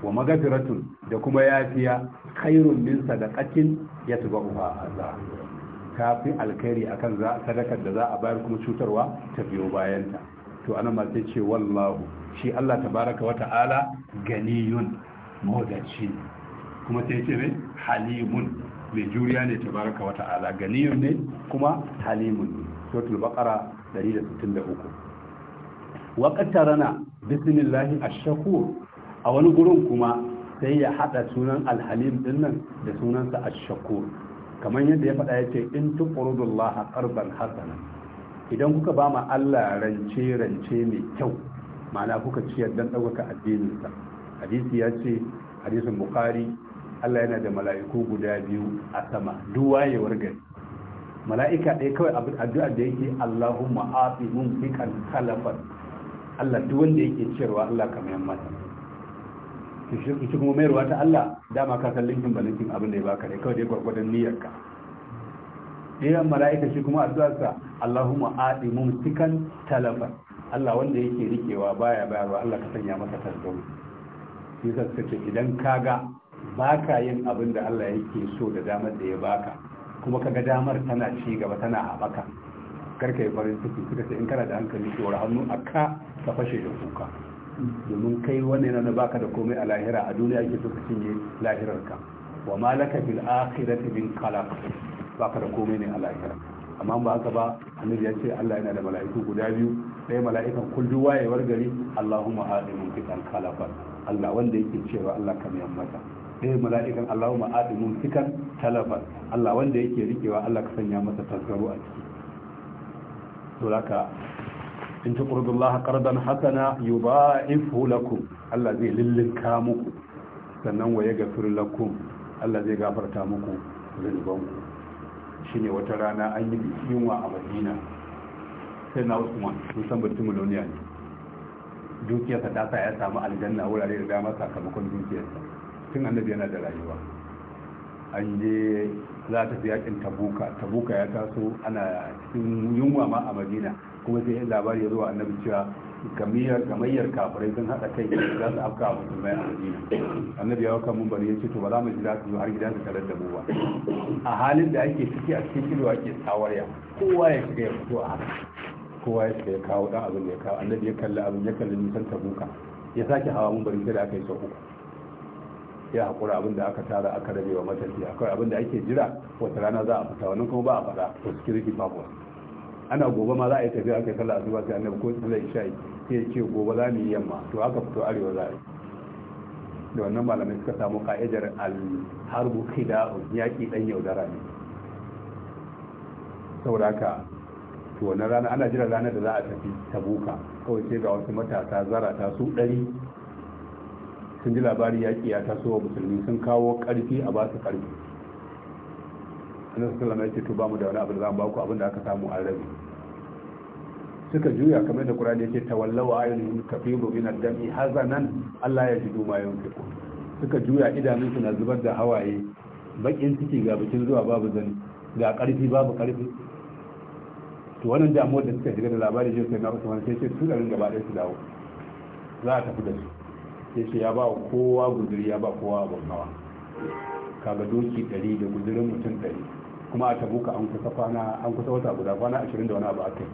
wa magafiratun da kuma yafiya khairun min sadaqatin yatba'uha azab kafi alkhairi akan sadakar da za a bayar kuma cutarwa ta biyo bayanta to ana ma sai ce wallahu shi Allah tabaraka wata'ala ganiyun modaci kuma sai ce ne halimun mai juriya ne tabaraka wata'ala ganiyun ne kuma halimun ne suratul baqara 163 Waƙatar rana bismillahi ash a wani gurin kuma sai ya haɗa sunan alhalim din dinnan da sunansa ash kamar yadda ya faɗa yace in tuqridullaha qardan hasana idan kuka ba ma Allah rance rance mai kyau ma'ana kuka ciyar dan ɗaukaka addininsa hadisi ya ce hadisin bukari Allah yana da mala'iku guda biyu a sama duk wayewar gari mala'ika ɗaya kawai abin addu'a da yake Allahumma afi mun fikan kalafan Allah duk wanda yake cewa Allah ka mayan mata shi kuma mayarwa ta Allah dama ka san linkin balinkin abin da ya baka ne kawai dai gwargwadon ka. ɗayan mala'ika shi kuma addu'arsa Allahumma aɗi mumtikan talabar Allah wanda yake rikewa baya bayarwa Allah ka sanya masa tasgaru shi sa suka ce idan kaga baka yin abin da Allah yake so da damar da ya baka kuma kaga damar tana ci gaba tana haɓaka karka yi farin ciki suka ce in kana da hankali wara hannu a ka ka fashe da kuka domin kai wani na baka da komai a lahira a duniya ake so ka cinye ka wa malaka bil akhirati min qalaq baka da komai ne a lahira amma ba haka ba annabi ya ce Allah yana da mala'iku guda biyu ɗaya mala'ikan kullu wayewar gari Allahumma adimun fitan kalafan Allah wanda yake cewa Allah kam miyan mata ɗaya mala'ikan Allahumma adimun fitan talafan Allah wanda yake rikewa Allah ka sanya masa tasgaro a ciki to haka in tuqridu Allah qardan hasana yudha'ifhu lakum Allah zai lillinka muku sannan wa yaghfir lakum Allah zai gafarta muku ku. shine wata rana an yi yunwa a Madina sai na Usman musan muloniya ne dukiyarsa ta sa ya samu aljanna wurare da dama sakamakon dukiyarsa tun annabi yana da rayuwa an je za ta fi yakin tabuka tabuka ya taso ana cikin yunwa ma a madina kuma sai yin labari ya zo annabi cewa kamayyar kafirai sun haɗa kai za su afka a musulmai a madina annabi ya waka mun bari ya ce to ba za mu jira su zo har gida su karar da buwa a halin da ake ciki a cikin kilo ake tsawarya kowa ya shiga ya fito a haka kowa ya shiga ya kawo ɗan abin da ya kawo annabi ya kalli abin ya kalli nisan tabuka ya sake hawa mun bari sai da aka yi sau uku ya haƙura abin da aka tara aka wa matafiya akwai abin da ake jira wata rana za a fita wannan kuma ba a faɗa to security purpose ana gobe ma za a yi tafiya aka yi asuba sai annabi ko sallar isha'i sai ce gobe za mu yi yamma to aka fito arewa za a yi da wannan malamai suka samu ka'idar al-harbu khida'un yaki dan yaudara ne saboda haka to wannan rana ana jira ranar da za a tafi tabuka kawai sai ga wasu matasa zara ta su ɗari sun ji labari yaƙi ya taso wa musulmi sun kawo ƙarfi a basu ƙarfi annabi sallallahu alaihi wasallam ba mu da wani abu da za ba ku abin da aka samu a rabi suka juya kamar da Qur'ani yake tawallaw ayyuhum kafiru min ad-dami hazanan Allah ya jidu ma yunfiqu suka juya idanun su na zubar da hawaye bakin ciki ga bikin zuwa babu zani ga karfi babu karfi to wannan damuwar da suka shiga da labarin shi sai na Usman sai ce su garin gaba ɗaya su dawo za a tafi da su sai ce ya ba kowa guduri ya ba kowa abin kaga doki ɗari da gudurin mutum ɗari kuma a tabuka an kusa kwana an kusa wata guda kwana ashirin da wani abu aka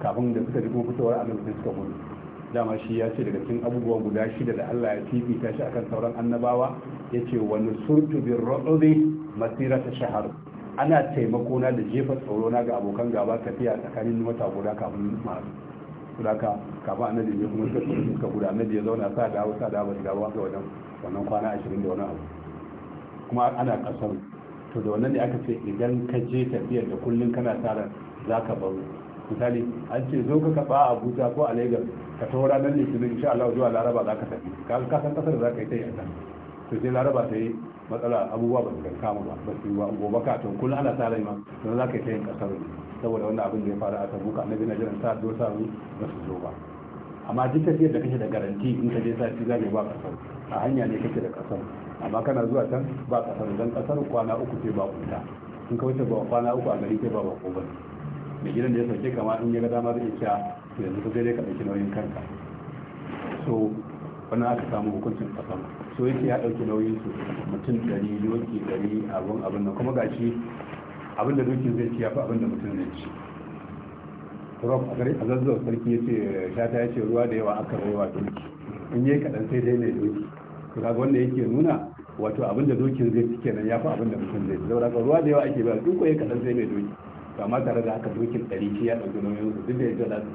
kafin da suka ji kuma fitowar annabi sai suka gudu dama shi ya ce daga cikin abubuwan guda shida da Allah ya fifita shi akan sauran annabawa ya ce wani surtu bin ro'ozi masira ta shahar ana taimako na da jefa tsoro na ga abokan gaba tafiya tsakanin wata guda kafin masu suraka kafin annabi ne kuma suka tsoro suka guda annabi ya zauna sa da sa da ba shiga ba ga wannan kwana ashirin da wani abu kuma ana kasar to da wannan ne aka ce idan ka je tafiyar da kullum kana tsara za ka baro misali an ce zo ka kaba a abuja ko a lagos ka nan ne litinin insha allah zuwa laraba za ka tafi ka san kasar za ka yi ta yi a to sai laraba ta yi matsala abubuwa ba su kan kama ba ba su yi wa, gobe ka tun kullum ana tsara ma don za ka yi ta yin kasar saboda wannan abin da ya faru a tabuka annabi na jiran sa zo sa ba su zo ba amma duk tafiyar da kake da garanti in ka je sati za ka yi ba kasar a hanya ne kake da kasar amma kana zuwa can ba kasar don kasar kwana uku ce ba kuta in ka wuce ba kwana uku a gari ce ba ba ba mai gidan da ya sauke kama in ya ga dama zai iya to yanzu ka dai ka ɗauki nauyin kanka so wannan aka samu hukuncin kasar so yake ya ɗauki nauyin su mutum ɗari doki ɗari abin abin nan kuma gashi abin da dokin zai ci ya fi abin da mutum zai ci rob a gari a zazzau sarki ya ce shata ya ce ruwa da yawa aka rewa doki in yi kaɗan sai dai mai doki kaga wanda yake nuna wato abin da dokin zai ci kenan ya fi abin da mutum zai ci saboda ruwa da yawa ake bayar duk kwaye kaɗan sai mai doki to amma tare da haka dokin ɗari shi ya ɗauki nauyin su duk da yadda da su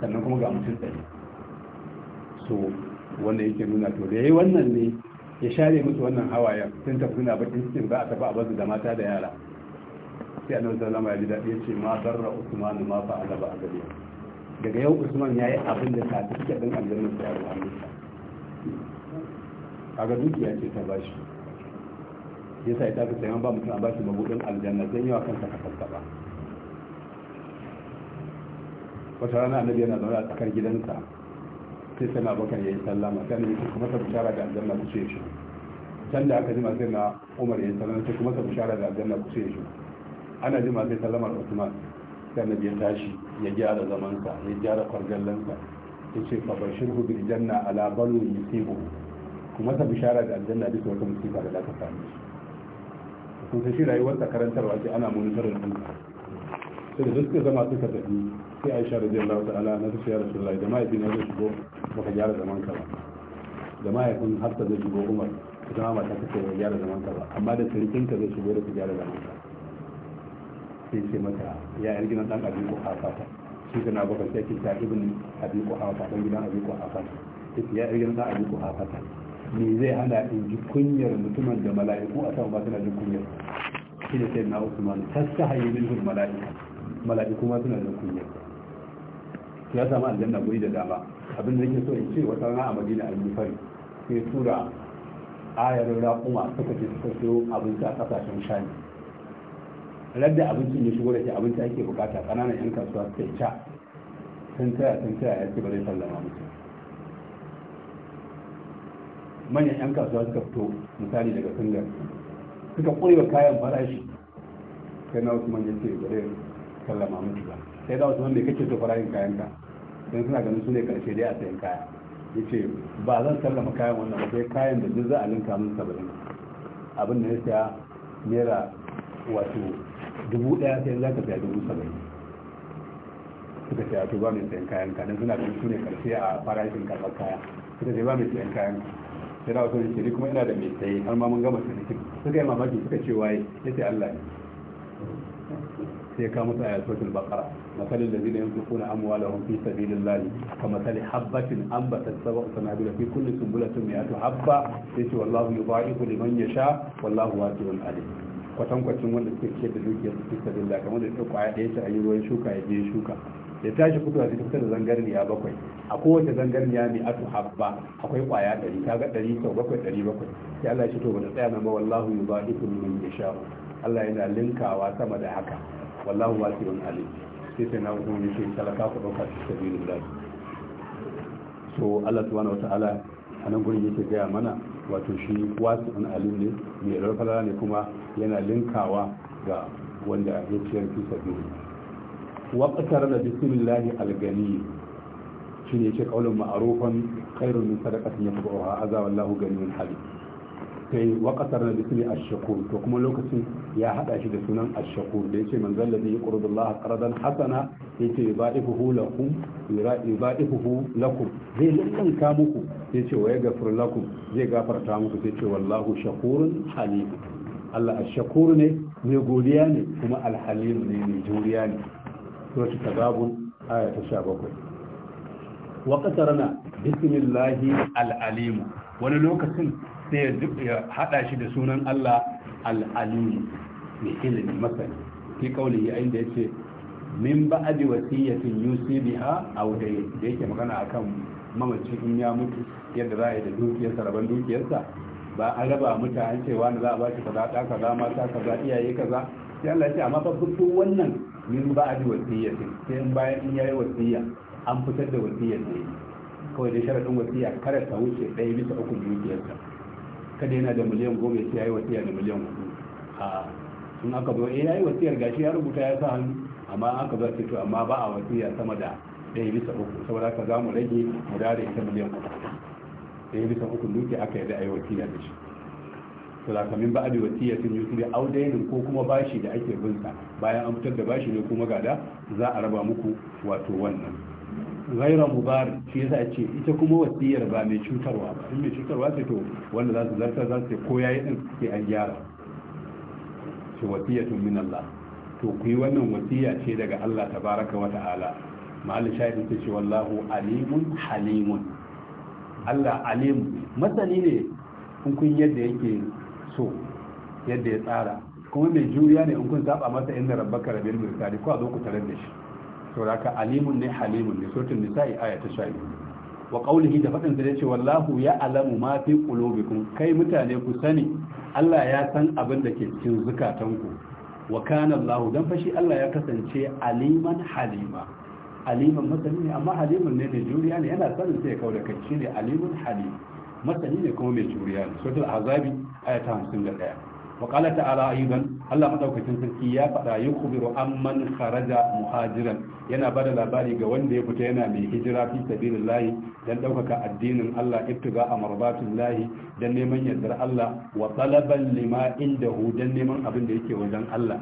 sannan kuma ga mutum ɗari so wanda yake nuna to da yi wannan ne ya share musu wannan hawayen sun tafi na bakin cikin ba a tafi a basu da mata da yara sai a nan alaihi ya ji daɗi ya ce ma barra usman ma fa'ala ba a gare daga yau usman yayi abin da ta fi kaɗan aljanna ta yi kaga dukiya ce ta bashi yasa ya tafi sayan ba mutum a bashi mabudin aljanna don yawa kansa ka sassaba wata rana annabi yana zaune a tsakar gidansa sai sai abokan ya yi sallama sai annabi sai kuma ta bishara da aljanna ku ce shi can da aka jima sai na umar ya yi sallama sai kuma ta bishara da aljanna ku ce shi ana jima sai sallamar usman sai annabi ya tashi ya gyara zamansa ya gyara kwargallansa ya ce fa bashir hudu janna ala balu yusibu kuma ta bishara da aljanna duka wata musiba da za ta samu shi kun sai shi rayuwar ta karantarwa ce ana monitorin din sai da duk zama suka tafi sai Aisha radiyallahu ta'ala na ta ya Rasulullahi da mahaifin ya zai shigo baka gyara zaman ka ba da mahaifin har ta zai shigo Umar ta zama mata ta ce baka gyara zaman ka ba amma da sarkin ka zai shigo da ka gyara zaman ka sai ce mata ya yar gidan dan abin ko hafa ta shi kana baka sai ki ta ibn abin ko hafa dan gidan abin ko hafa ta ya yar gidan dan abin ko hafa ta me zai hana in ji kunyar mutumin da mala'iku a sama ba suna jin kunyar shi da sai na usman tasta hayi min hul mala'ika mala'iku ma suna jin kunyar ya sami aljanna guri da dama abin da yake so in ce wata rana a madina a yi fari sai tura ayar raƙuma suka ce suka siyo abinci a ƙasashen shani radda abincin ya shigo da ke abinci ake bukata ƙananan 'yan kasuwa suka yi ca sun taya sun taya ya ce ba zai sallama musu manyan 'yan kasuwa suka fito misali daga singa suka ƙurewa kayan farashi sai na wasu ya ce bare sallama mutu ba sai da wasu manyan kake so farashin kayan ka don suna ganin su ne karshe dai a sayan kaya ya ce ba zan sallama kayan wannan ba sai kayan da duk za a linka mun saba'in abin da ya saya naira wato dubu ɗaya sai za ka saya dubu saba'in suka saya to ba mai sayan kayan ka don suna ganin su ne karshe a farashin karɓar kaya suka ce ba mai sayan kayan ka sai na wato yace kuma ina da mai tsaye har ma mun gama sirri suka yi mamaki suka ce waye yace Allah ne sai ka musu ayat suratul baqara masalin da zina yanzu kuna amwalahum fi sabilillah ka masali habbatin ambatat sab'a sanabila fi kulli sumbulatin mi'atu habba yace wallahu yi yudha'ifu liman sha wallahu wasi'un Ali kwatankwacin wanda suke ke da dukiyar su fi sabilillah kamar da ta kwaya da yace ayi ruwan shuka ya je shuka da tashi fitowa a cikin fitar da zangarniya bakwai a kowace zangarniya mai atu habba akwai kwaya ɗari ta ga ɗari sau bakwai ɗari bakwai sai Allah ya ce to ba ta tsaya nan ba wallahu yu ba ikun min ya sha Allah yana linkawa sama da haka wallahu wa siwan alim sai sai na hukumar yake talaka ku ɗauka su sabilin lafi so Allah subhanahu wa ta'ala a nan gurin yake gaya mana wato shi wasu an alim ne mai rarfala ne kuma yana linkawa ga wanda ya ciyar fi sabili waqtar na bismillahi algani shi ne yake kaulin ma'arufan khairun min sadaqatin yaqba'uha azza wallahu ganiyun halim kai waqtar na bismi ash-shakur to kuma lokacin ya hada shi da sunan ash-shakur da yace manzal ladhi yaqridu Allah qardan hasana yace yudaifuhu lakum yudaifuhu lakum zai lanka muku yace wa yaghfir lakum zai gafarta muku sai ce wallahu shakurun halim Allah ash-shakur ne mai godiya ne kuma alhalim ne mai juriya ne suratu tagabun aya ta 17 wa qatarna bismillahi al-alim wani lokacin sai ya hada shi da sunan Allah al-alim mai ilimi masani ki kauli yayin da yace min ba'di wasiyatin yusi biha aw da yake magana akan mamaci in ya mutu yadda za a yi da dukiyarsa rabon dukiyarsa ba an raba mutane cewa da za a ba shi kaza ta kaza mata kaza iyaye kaza sai Allah ya ce amma fa duk wannan min ba adi wasiyya sai in bayan in yayi wasiyya an fitar da wasiyyar ne. kawai da sharadin wasiyya kada ta wuce ɗaya bisa uku Ka kada yana da miliyan goma sai yayi wasiyya da miliyan hudu a sun aka zo eh yayi wasiyar gashi ya rubuta ya sa hannu amma aka zo to amma ba a wasiyya sama da ɗaya bisa uku saboda ka za mu rage mu dare ita miliyan uku ɗaya bisa uku dukiya aka yi da ayi wasiyya da shi sulakamin ba abi wasiyatin yusri aw dainin ko kuma bashi da ake bin sa bayan an fitar da bashi ne kuma gada za a raba muku wato wannan ghaira mubar shi yasa ce ita kuma wasiyar ba mai cutarwa ba in mai cutarwa sai to wanda za su zarta za su ko yayi din sai an gyara shi tun min Allah to ku yi wannan wasiya ce daga Allah tabaraka wa ta'ala ma'al shahidin sai ce wallahu alimun halimun Allah alim masani ne kun kun yadda yake so yadda ya tsara kuma mai juriya ne in kun saba masa inda rabbaka rabil mirsali ko a zo ku tare da shi sauraka alimun ne halimun ne sautin nisa'i aya ta shayi wa qaulihi da fadin da ce wallahu ya alamu ma fi qulubikum kai mutane ku sani Allah ya san abin da ke cikin zukatanku wa kana Allah dan fashi Allah ya kasance aliman halima aliman masani amma halimun ne da juriya ne yana sanin sai kawai kauda kai ne, alimun halima masani ne kuma mai juriya ne suratul azabi aya ta ɗaya wa ta ta'ala aidan Allah maɗaukacin sarki ya faɗa ya kubiru amman kharaja muhajiran yana bada labari ga wanda ya fita yana mai hijira fi lahi dan ɗaukaka addinin Allah ibtiga lahi don neman yardar Allah wa talaban lima hu don neman abin da yake wajen Allah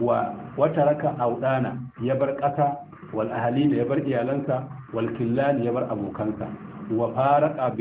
wa wata raka audana ya bar ƙasa wal ahali ya bar iyalansa wal killani ya bar abokansa wa faraka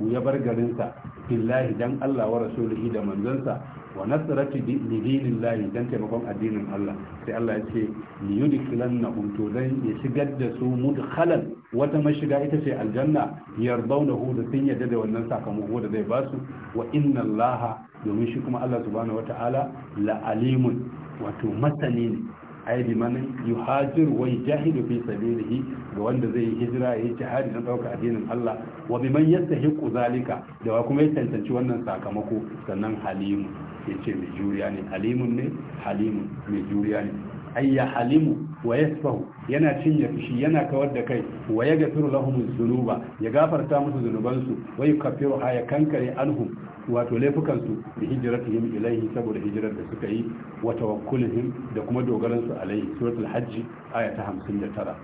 Hu ya bar garinsa billahi dan Allah wa rasulihi da manzansa wa nasrati lidinillahi dan taimakon addinin Allah sai Allah ya ce li yudkhilannahum dan ya shigar da su mudkhalan wata mashiga ita ce aljanna yardawnahu da sun yadda da wannan sakamako da zai basu wa inna Allah domin shi kuma Allah subhanahu wataala la alimun wato masani ne ai liman yuhajir wa yajahidu fi sabilihi ga wanda zai yi hijira ya yi jihadi na dauka addinin Allah wa man yastahiqu zalika da kuma ya tantance wannan sakamako sannan halimu yace mai juriya ne halimun ne halimun mai juriya ne ayya halimu wa yasfahu yana cinye fushi yana kawar da kai wa ya gafiru lahum zunuba ya gafarta musu zunubansu wa yukaffiru ha ya kankare anhum wato laifukan su bi hijratihim ilayhi saboda hijrar da suka yi wa tawakkulihim da kuma dogaran su alayhi suratul hajj aya ta 59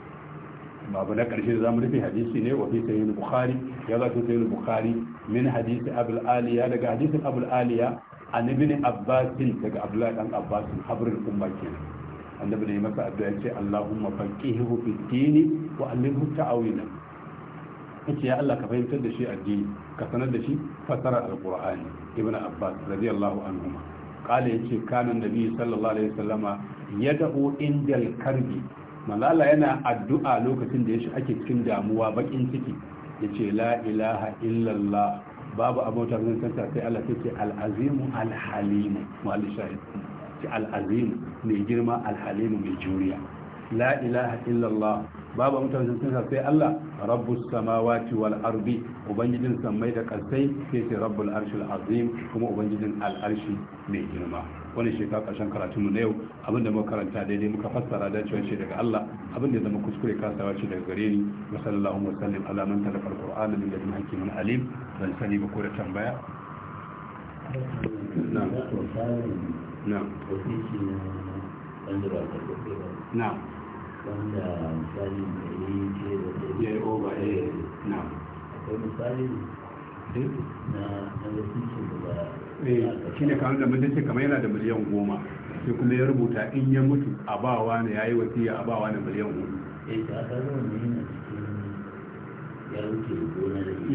babu na karshe za mu rufe hadisi ne wa fi sayyid bukhari ya za su sayyid bukhari min hadisi abul aliya daga hadisin abul aliya an ibn abbas daga abdullah dan abbas habrul umma kenan annabi ne masa addu'a ce Allahumma faqihu fi dini wa allimhu ta'awila yace ya Allah ka fahimtar da shi addini ka sanar da shi fasara alqur'ani ibnu abbas radiyallahu anhu qala yace kana nabi sallallahu alaihi wasallama yad'u indal karbi malala yana addu'a lokacin da yashi ake cikin damuwa bakin ciki yace la ilaha illallah babu abota zan sai Allah take al-azimu al-halimu wa al-shahid al'azim mai girma alhalimu mai juriya la ilaha illallah babu mutane sun sai Allah rabbus samawati wal ardi ubangijin sammai da kasai sai sai rabbul arshil azim kuma ubangijin al'arshi mai girma wannan shekara karshen karatun mu na yau abin da muka karanta daidai muka fassara da cewa ce daga Allah abin da zama kuskure kasawa ce daga gare ni wa sallallahu wa sallim ala man talaqa alquran min ladun hakimin alim ban sani ba ko da tambaya na'am na'am ofishi na wanda ba eh. eh. eh? na na kamar da mutunci kamar yana da miliyan goma sai kuma ya rubuta in ya mutu a bawa ne ya yi wasiya a bawa ne miliyan goma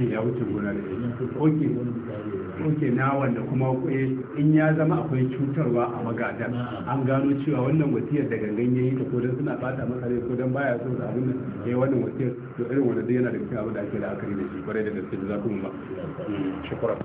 ya wuce gona da ya oke na wanda kuma eh, in ya zama akwai cutarwa a magada an gano cewa wannan wasiyar da gangan ya yi ta ko don suna bata masa rai ko don baya so da abin da ya wannan wasiyar to irin wanda zai yana da cikin abu da ake da akari da shi kwarai da gaske da za ku mu ba shukran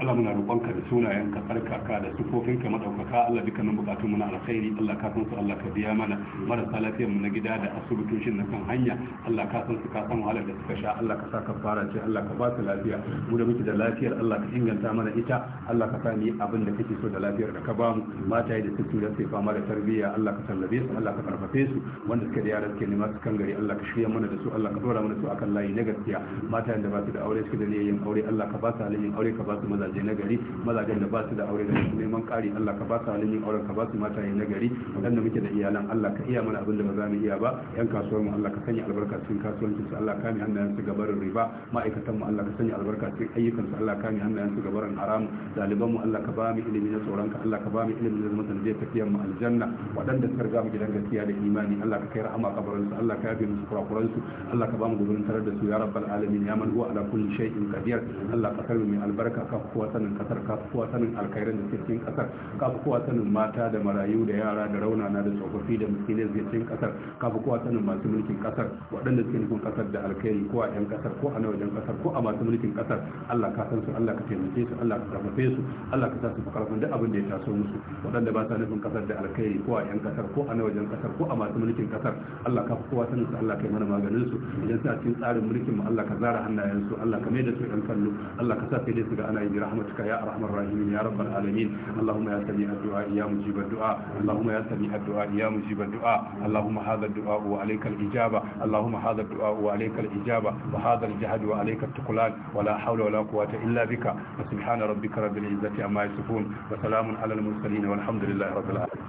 Allah muna roƙonka da sunayenka tsarkaka da sufofinka madaukaka Allah dukkanin bukatun mu na alkhairi Allah ka san su Allah ka biya mana marasa lafiyar mu na gida da asibitocin na kan hanya Allah ka san su ka san wahalar da suka sha Allah ka saka fara ce Allah ka ba su lafiya mu da muke da lafiyar Allah ka inganta mana ita Allah ka sani abin da kake so da lafiyar da ka ba mu mata da suke da suke fama da tarbiyya Allah ka tallabe su Allah ka karfafe su wanda suke da yara suke nema su kan gari Allah ka shirya mana da su Allah ka dora mana su akan layi na gaskiya mata da ba su da aure suke da niyyar aure Allah ka ba su halayen aure ka ba su mazaje na gari mazajen da ba su da aure da su neman ƙari Allah ka ba su halin yin auren ka ba su na gari wanda muke da iyalan Allah ka iya mana abin da ba za mu iya ba yan kasuwar mu Allah ka sanya albarka cikin kasuwancin su Allah kame hannayen su gabarin riba ma'aikatan mu Allah ka sanya albarka cikin ayyukan su Allah hannayen su gabarin mu Allah ka ba mu ilimi na tsoron ka Allah ka ba mu ilimi na tafiyar mu aljanna waɗanda suka riga mu gidan gaskiya da imani Allah ka kai rahama kabarin su Allah ka yafe musu kurakuran su Allah ka ba mu tarar da su ya rabbal alamin ya man huwa ala kulli shay'in qadir Allah ka karbi mai albarka ka kafi sanin kasar kafi kuwa sanin alkhairin da cikin kasar kafi kuwa sanin mata da marayu da yara da raunana da tsofaffi da miskinai da cikin kasar kafi kuwa sanin masu mulkin kasar waɗanda suke nufin kasar da alkhairi ko a yan kasar ko a na wajen kasar ko a masu mulkin kasar Allah ka san su Allah ka taimake su Allah ka tafafe su Allah ka sa su karfin duk abin da ya taso musu waɗanda ba sa nufin kasar da alkhairi ko a yan kasar ko a na wajen kasar ko a masu mulkin kasar Allah ka fi sanin su Allah ka yi mana maganin su idan suna cikin tsarin mulkin mu Allah ka zara hannayen su Allah ka mai da su ɗan kallo Allah ka sa su ga ana yi برحمتك يا ارحم الراحمين يا رب العالمين اللهم يا سميع الدعاء يا مجيب الدعاء اللهم يا سميع الدعاء يا مجيب الدعاء اللهم هذا الدعاء وعليك الاجابه اللهم هذا الدعاء وعليك الاجابه وهذا الجهد وعليك التقلان ولا حول ولا قوه الا بك سبحان ربك رب العزه عما يصفون وسلام على المرسلين والحمد لله رب العالمين